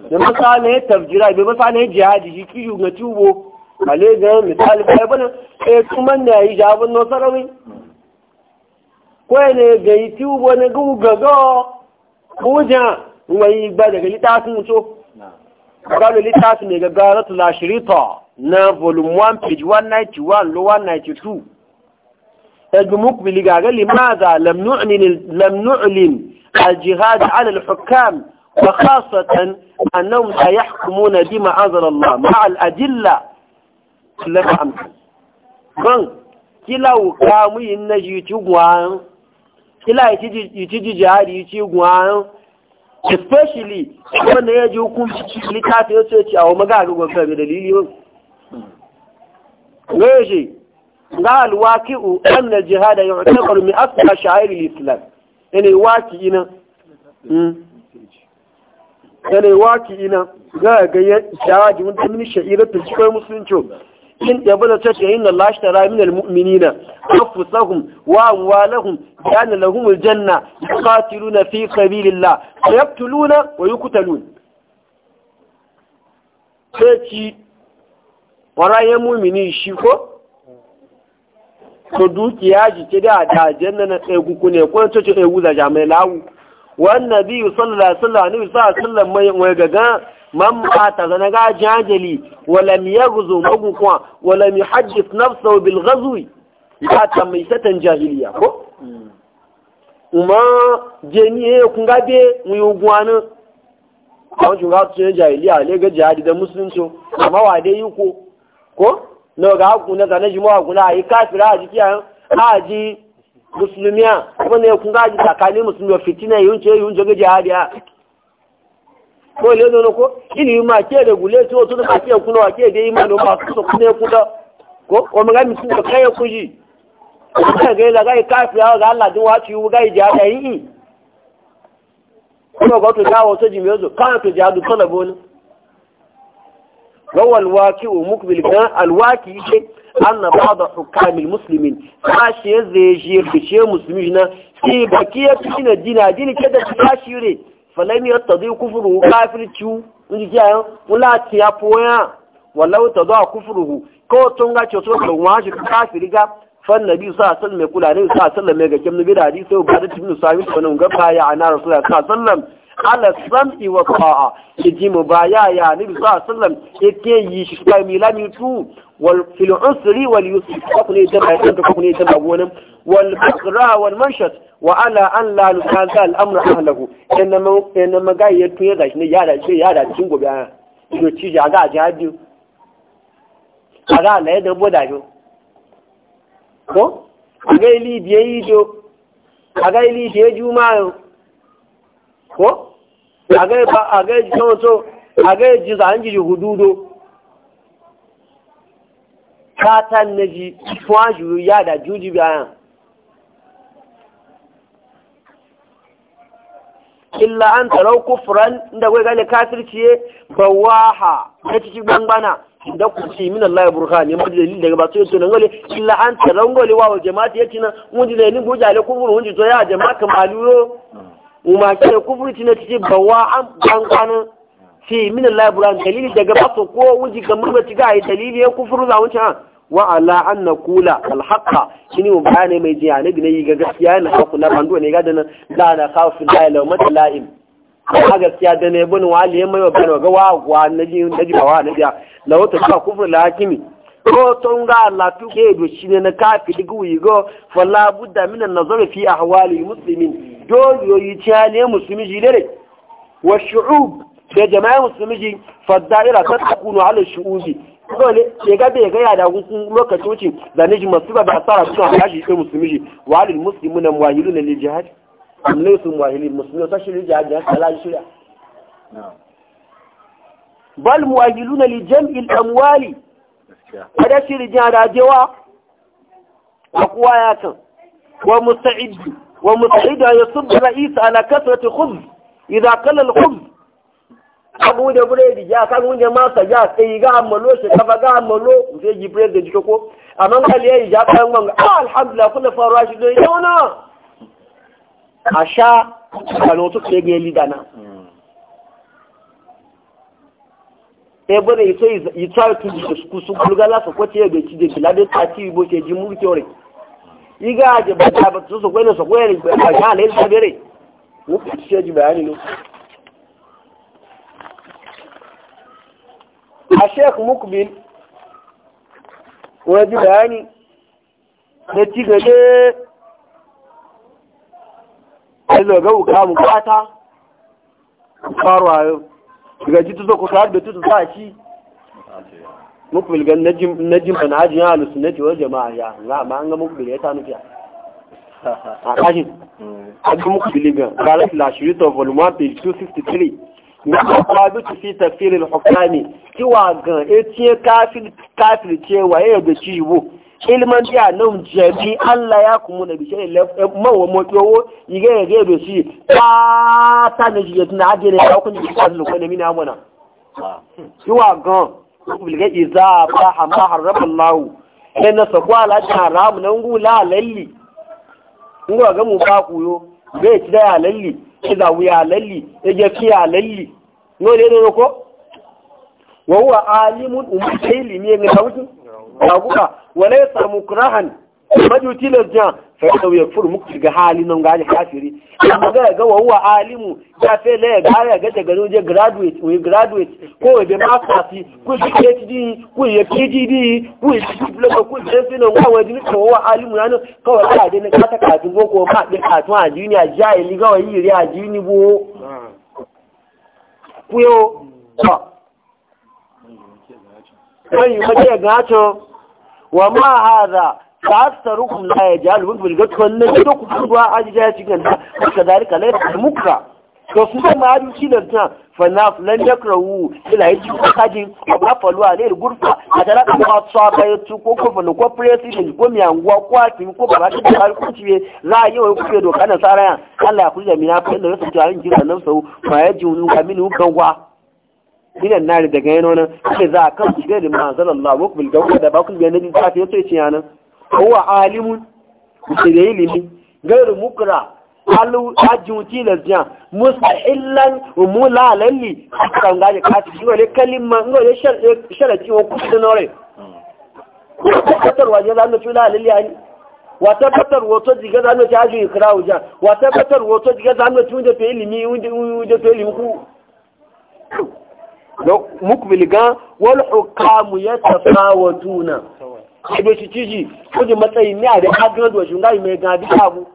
[SPEAKER 1] da misali tafjira bai misali jihadi shi kiyu ga tubo ale ga misali bai bana eh kuma ne yi jabun no sarawi ko ne ga yi tubo ne ga. gaga kuja wai ba daga litasin mutu. kaga litasin ne ga ratu la shirita na volume 1 page 191 lo 192 اجمك بلي قال لي ماذا لم نعلن لم Al وخاصة أنهم سيحكمون بما عذر الله مع الأدلة لما أمكن من كلا وكامو ينجي يتوقعان كلا يتجي جهاري يتوقعان especially wanda ya ji hukunci littafi ya ce ce a wama ga agogon kai da gaya shi ga alwaki'u ɗan na jihada yau ta ƙarmi asuwa sha'irin islam yana waki ina kane waki ina a ga ya shawaji mun ta mini sha'irar ta cikin musulunci in yabu da tace inna allaha ishtara min almu'minina anfusahum wa amwalahum bi janna ya aljanna yuqatiluna fi sabilillah yaqtuluna wa yuqtalun sai warayen mumini shi ko ko dukiya ji da dajen na na tsaye ne ko ta ce tsaye jami'ai lawu wannan biyu sallallahu alaihi wasallam mai gaga man mata zana ga jajali walam yaghzu magukwa walam yuhaddith nafsahu bil ghazwi ya ta mai satan jahiliya ko uma jeniye kun ga be mu yugwana kawai kun ga tun jahiliya le ga jihadi da musulunci amma wa dai yuko ko no ga ku na zana jima'a kuna yi kafira a jiki a ji musulmiya kuma ne kun gaji tsakanin musulmiya fitina yun ce yun jaga jihadiya ko le dono ko ili ma ke da gule to to da ke kuna wa ke da imani ma su kun ne ku da ko o maga mi su kai ku ji ka ga la ga kafi ya ga Allah din wa ci u ga jihadiya yi kuma ga to da wa to ji mezo kan to jihadu talabo ne wawal waqi'u mukbil kan alwaqi anna ba'da hukamil muslimin sashi ya zai shi fice musulmi na fi baki ya fi na dina dini ke da ta shire falami ya tazi kufuru kafirci inji kiyayen mulati ya foya wallahu ta zuwa kufuruhu ko tun ga ce sun kalma shi kafiri ga fan nabi sa sallam mai kula ne sa sallam mai ga kimnu da hadisi sai ba da tibnu sami sunan ga baya ana rasulullahi ala san wa ta'a yaji mu baya ya ni bi sallam yake yi shi kuma mi lami tu wal fil usri wal yusri kafune da ba ta kafune da ba gonan wal bakra wal manshat wa ala an la nukaza al amru ahlahu inma inma ga ya tuye gashi ne ya da ce ya da cin gobe a yo ci ja ga ja biyu a ga la da boda jo ko a ga ili biye yi jo a ga ili biye juma'a ko agai ba agai jonso agai ji za anji hududo katan naji twaju ya da juji bayan illa an tarau kufuran inda kai gane kafirciye bawaha ta cikin gbangbana da ku ce min Allah burhani mun dalil daga ba sai to nan gole illa an tarau gole wa jama'ati yace nan mun dalilin bujale kufur mun ji to ya jama'a kamaluyo umma kufuri kufurci na cikin bawa an kankanin fi min Allah buran dalili daga bato ko wuji ga mun bace ga dalili ya kufuru za wuce wa ala an naqula al haqa shine mun ne mai jiya ne yi ga gaskiya na haku na bandu ne gada dana la na khafu la ilaha illa laim a gaskiya da ne wa wali mai bayane ga wa wa na ji bawa jiya na wata ta kufuru la hakimi ko ton ga Allah tuke do shine na kafi digu yigo fala budda min an nazar fi ahwali muslimin dole yoyi ciyale musulmi jilere wa shu'ub da jama'a musulmi ji fadda'ira ta takunu ala shu'ubi dole ya ga bai ga yada hukun lokacin wuce da niji masu ba ba tsara suna haji sai musulmi wa alil muslimu na muwahilu na lil jihad amma su shirin jihad ya tsala shirya bal muwahilu na lil jam'il amwali kada shirin jihad ajewa a kowa ya kan wa musta'iddu ومسعدا يصب رئيس على كثرة خبز إذا قل الخبز abu da buredi ya kan wunje masa ya sai ga amalo shi kafa ga amalo sai ji da jiko ko amma kali yayi ya kan wanga alhamdulillah kullu faruwa shi dai yauna asha
[SPEAKER 2] kano to ke
[SPEAKER 1] geli dana e bone sai yi try to discuss ku su gulgala so ko te ga ci de bilade ta ti bo ke ji mu ke ore iga aje ba ta ba su sokwai na sokwai ne ba ga ne ta bere mu ku ce ji bayani ne a sheikh mukbil ko ji bayani da ci gade Allah ga ka mu kwata faruwa ga ji tuzo ko ka da tuzo sa shi mukbil gan najim najim an ajin ya alusu na jiwar jama'a ya na ma an ga mukbil ya ta nufi
[SPEAKER 2] a kashin
[SPEAKER 1] mm. an ga mukbil gan galat la shirita volume page 263 na kwakwa bitu fi al hukami kiwa gan etiye kafir wa e ya ci ciwo ilman dia nan jabi Allah ya kuma da bishe mawa motowo yiga ya ga da shi ta ta ne ji na ajere ya ni ko ni mina mona kiwa ah. gan bilga iza ba hama harrafa lahu sai na sako alhajin haramu na ngu la lalli ngu a gamu ba kuyo bai ci da ya lalli ki zawu ya lalli ya je ki ya lalli no ne ne ko wa huwa alimun umma ilimi ne ga wuce ga buka wa laysa mukrahan maju tilas jan fa yau ya furu muku shiga hali nan ga kafiri amma ga ga wa huwa alimu ya fe la ya ga ga daga je graduate we graduate
[SPEAKER 2] ko da masters ko PhD
[SPEAKER 1] ko ya PhD ko ya
[SPEAKER 2] diploma ko da
[SPEAKER 1] sai nan wa wajin ko wa alimu nan kawai ka je ne ka ta kafin boko ka da kafin a junior jahili ga wai ri a junior bo ku yo ba kai ma ga gato wa ma hada فأكثركم لا يجعل منكم القتوى الذي يقفوا عجزاتك أنت وكذلك لا يفعل مكره to su zai ma hadu shi lantan fanaf lan yakrahu ila yi cikin kaji ba falu a ne gurfa a tara ka ba tsa ka yi tu ko ko fana ko president ko mi ko aki ko ba ko ci za a yi wa kuke do kana tsara yan Allah ya kuje mi na fa'in rasu ta yin jira nan sau ma daga yanona sai za a kan shigar da manzon Allah wa bil gawda da ba kun bi annabi huwa alimun da ilimi gairu mukra ajin tilas jiya mustahillan umula lalli kan gaje kati shi wale kalimma ngo ne sharati wa kusa nore tabbatarwa je zanu tula lalli ani wa tabbatar wato diga zanu ta ajin ikrawu ja wa tabbatar wato diga zanu tun da fe ilimi da fe ilimi ku mukbil ga wal hukamu yatafawatuna ebe shi ciji kudin matsayin ne a da agnar da shi ngai mai gadi abu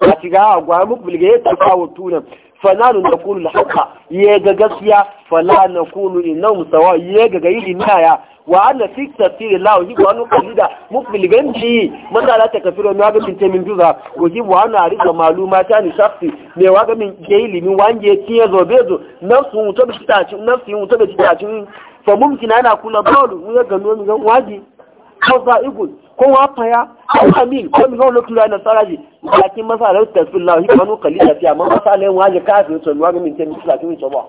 [SPEAKER 1] a shiga a gwaya muku bilga ya tafa wa tunan fananu na kunu haka ya ga gaskiya fala na kunu ina musawa ya ga na dinaya wa na fi tafsir Allah yi wa nu kalida muku bilga ndi man da ta kafiro na ga min temin duza ko ji wa na rika maluma ta ni shafi me wa ga min gayi limi wange ya zo bezo nafsu mutabi ta ci nafsi mutabi ta ci fa mumkin ana kula dole mu ya ga no mi ga waji aw za'igun ko wa faya ko hamil ko mi gawlo kula na saraji lakin masalar tasbillahi kanu qalila fi amma masalar waje kafin to mi wa min tan misla kin to ba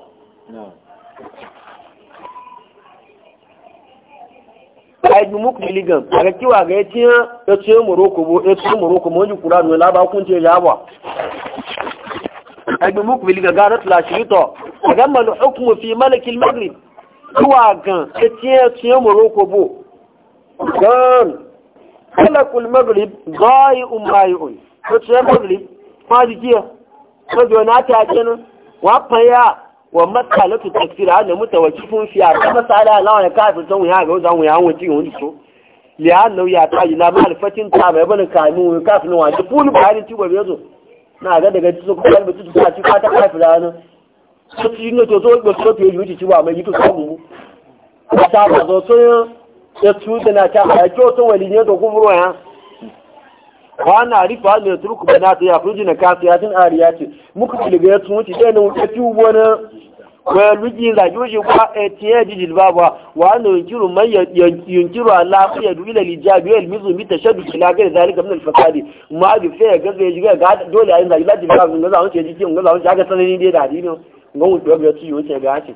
[SPEAKER 1] ai mu ku miligan daga kiwa ga yace ya ce moroko bo ya ce moroko mo ji kula da laba kun ce jaba ai mu ga ratla shi to ga mal hukmu fi malik al maghrib kuwa gan ya ce bo don falakul magrib zai umayi'un ko ce magrib ma jikiya ko na ta kenan wa faya wa matalatu takfira da mutawakkifun fi arka masala lawa ya kafir san ya ga ya wuya wuci wani so li'annahu ya taji na malfatin ta bai bani kamin kafin wa ji fulu bayani ci gobe zo na ga daga ci su ko ba ci ta ci ka ta kafira ne su ci ne to zo ga so to yi ci ba mai yi to samu ta ba zo so ya cuta na ta a yake wasu wali ne da kuma ya kwana rifa da ya turku bana ta ya fuji na kasu ya tun ariya ce muka kiliga ya tun wuce ɗaya na wuce fi wani wani lugi zage wuce ba a eh, tiye ji jilba ba wa ana yankiru yunkiru yankiru Allah, ala ku ya dubi da lijabi ya ilmizu bi ta shaddu kila ga da zalika min alfasadi ma bi fe ya gaza ya jiga ga dole a yin zage lajin ba mun ga zawon ce jikin mun ga zawon ce aka sanani dai da hadini mun ga wuce ya ci wuce ga hacin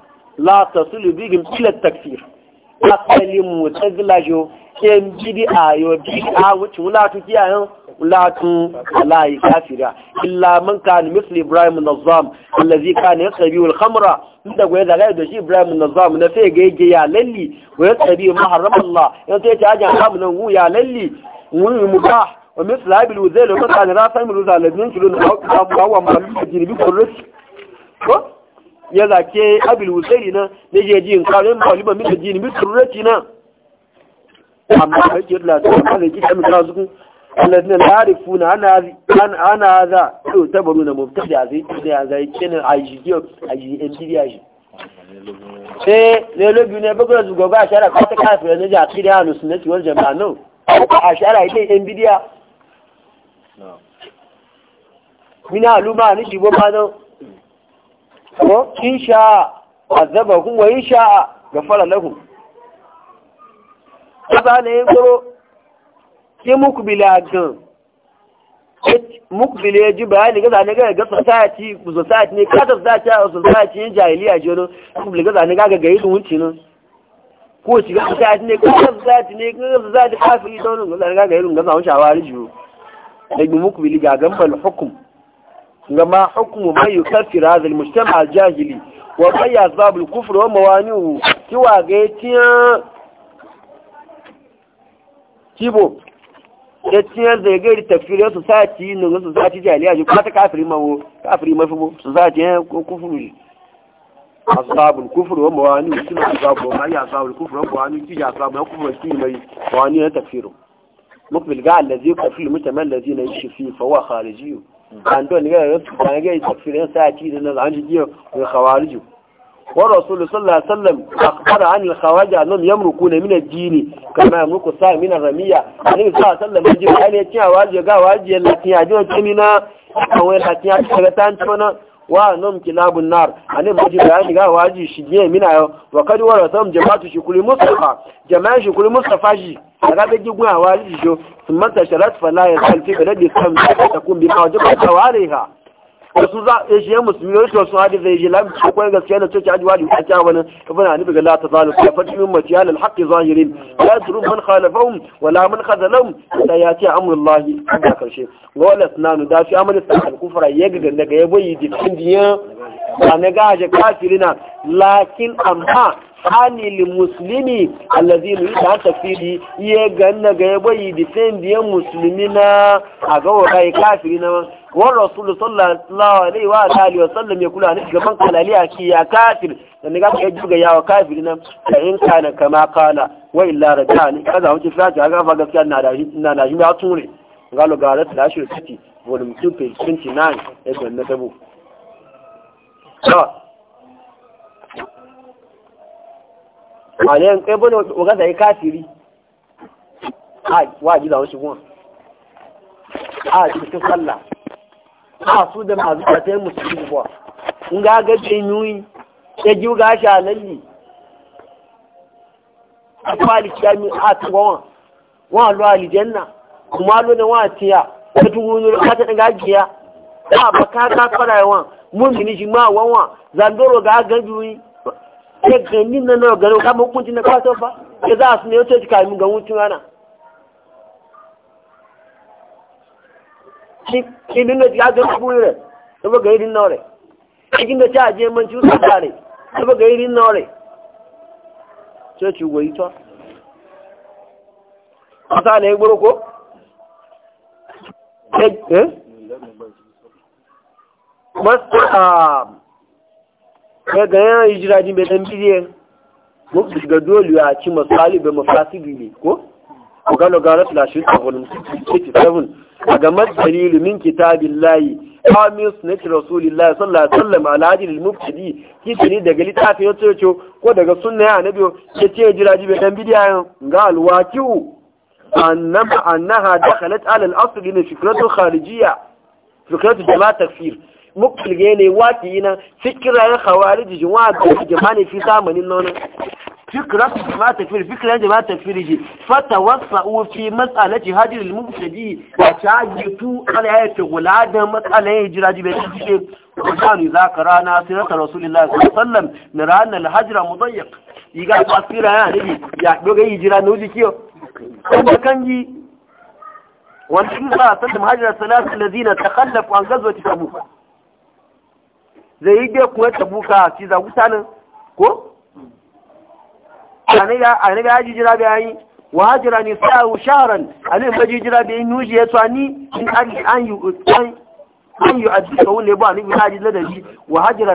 [SPEAKER 1] لا تصل بهم إلى التكفير أقل متزلجو كم جدي آيو جدي آيو ولا تكي آيو ولا تكي كافرة إلا من كان مثل إبراهيم النظام الذي كان يصبيه الخمرة إذا قلت غير دوشي إبراهيم النظام نفيه جي جي للي ويصبيه محرم الله ينتهي تعجي حامنا هو يا للي وهو مباح ومثل هاي بالوزيل ومثل هاي بالوزيل ومثل هاي بالوزيل ومثل هاي بالوزيل ومثل هاي بالوزيل ومثل هاي بالوزيل ومثل هاي بالوزيل ومثل هاي بالوزيل ya zake abil husaini na ne je ji in karin maliba mita ji ni bi turrati na amma kake da ta amma da kika mi zuku alladina la yarifuna ana ana za to tabaru na mafita da zai ce da zai kina ajiyo ajiyo mdb ajiyo eh ne lobi ne zuwa ba a shara ko ta kafi ne ja kidi hanu sunnati wal jama'a no ashara ite mdb mina aluma ni dibo ma no ko in sha'a azabahum wa in sha'a gafara lahum kaza ne goro ke mukbila gan muku ya ji bayani gaza ne ga ga society society ne kada society a society yin jahiliya ji ku mukbila gaza ne ga gayi sun wuce nan ko ci ga society ne kada society ne ga society kafiri don gaza ne ga yi sun gaza wuce a wari jiro da mukbili ga gambal hukum لما حكم ما يكفر هذا المجتمع الجاهلي وبي أسباب الكفر وموانعه سوى جيتيا كيبو جيتيا زي غير التكفير يا سوساتي نغن سوساتي جاهلي جو كاتا كافري ما هو كافري ما فبو سوساتي كفر أصحاب الكفر وموانعه كما أصحاب وما أصحاب الكفر وموانعه كي أصحاب الكفر كي موانعه تكفيره مقبل قاع الذي يكفر المجتمع الذي الذين فيه فهو خارجيه an don ga ga su ga tafsirin sati da na zanji giyo ga khawariju wa rasul sallallahu alaihi wasallam akhbara an al khawarij annahum yamrukuna min ad din kama yamruku sa min ar ramiya annabi sallallahu alaihi wasallam ji ne cewa waje ga waje latiya jo tumina kawai latiya ga wa nom kilabun nar ani maji bayani ga waji shi ne mina yau wa kad wa rasam jama'atu shukuri mustafa jama'a shukuri mustafa shi daga da gigun a waji shi sun manta sharat fala ya salfi da da sam ta kun bi ma wajiba tawariha wasu za a shi yan musulmi wani sun hadi zai je lamu ko kuma gaskiya na cikin hadi wani kanta wani kafin hadi daga la tazalu ya fadi min mati al haqqi zahirin la yadru man khalafahum wala man khazalahum da ya ce amrullah da karshe wala sunanu da fi amali sa al kufra ya ga daga ya bayi dikin diya ba na gaje kafirina lakin amma hani limuslimi allazi mu ta tafidi iya ganna ga ya bayi dikin diya musulmina a ga wai kafirina wani rasulu sallallahu alaihi wa alihi wa sallam ya kula ne gaban kalali a ki ya kafir da ni gaba ya juga yawa kafir nan da in kana kama kala wa illa ne kaza wuce a gafa gaskiya da na ya ture galo ga na kai bane kafiri a wa ji da wasu kuma a cikin sallah a su da masu katai musulmi ba in ga gajen jami'i ya ji ga shi halalli a kwali kiyami a tuwawan wa lo alijanna kuma lo da wa tiya ta tuwunu ka ta daga giya ta ba ka ka fara wa mun ni shi ma wanwa zandoro ga ga juyi ya gani na ga ga mun kunci na kwaso ba ya za su ne ce ka mun ga tun ana shi ilin ya ne ga irin cikin da ta je man cuta ne ga irin ce ci ne ko eh ga ga hijira din dan bidiye ko ga dole ya ci masali ne ko ko 67 daga mazdarilu min kitabillahi amin sunnati rasulillahi sallallahu alaihi wasallam ala ajil mubtadi kitani daga litafi ya tsoyo ko daga sunna ya annabi ke ce jiraji be dan bidiya ga alwaqiu annama annaha dakhalat ala al-asl min fikratu kharijiyya fikratu jama'a takfir mukil gene wati ina fikra ya khawarij jama'a da jama'a fi zamanin nono fikra ma tafiri fikra da ma tafiri ji fata wasa ofi matsala ci hajjiri mubtadi da caji tu ala yaya ce wala da matsala ya jira ji bai ce kusan za ka rana sirata rasulullahi sallallahu sallam na ranar alhajira muzayyak yi ga su asira ya nabi ya doga yi jira na wujikiyo kan wani a sallam hajjira salatu ta kallafa an gazo ta tabuka zai yi ko anabi haji jira bayani wa hajira ne sa'u shahran anabi maji jira bayani nuji ya in an yi an yi addu'a wanda ya ba anabi haji wa hajira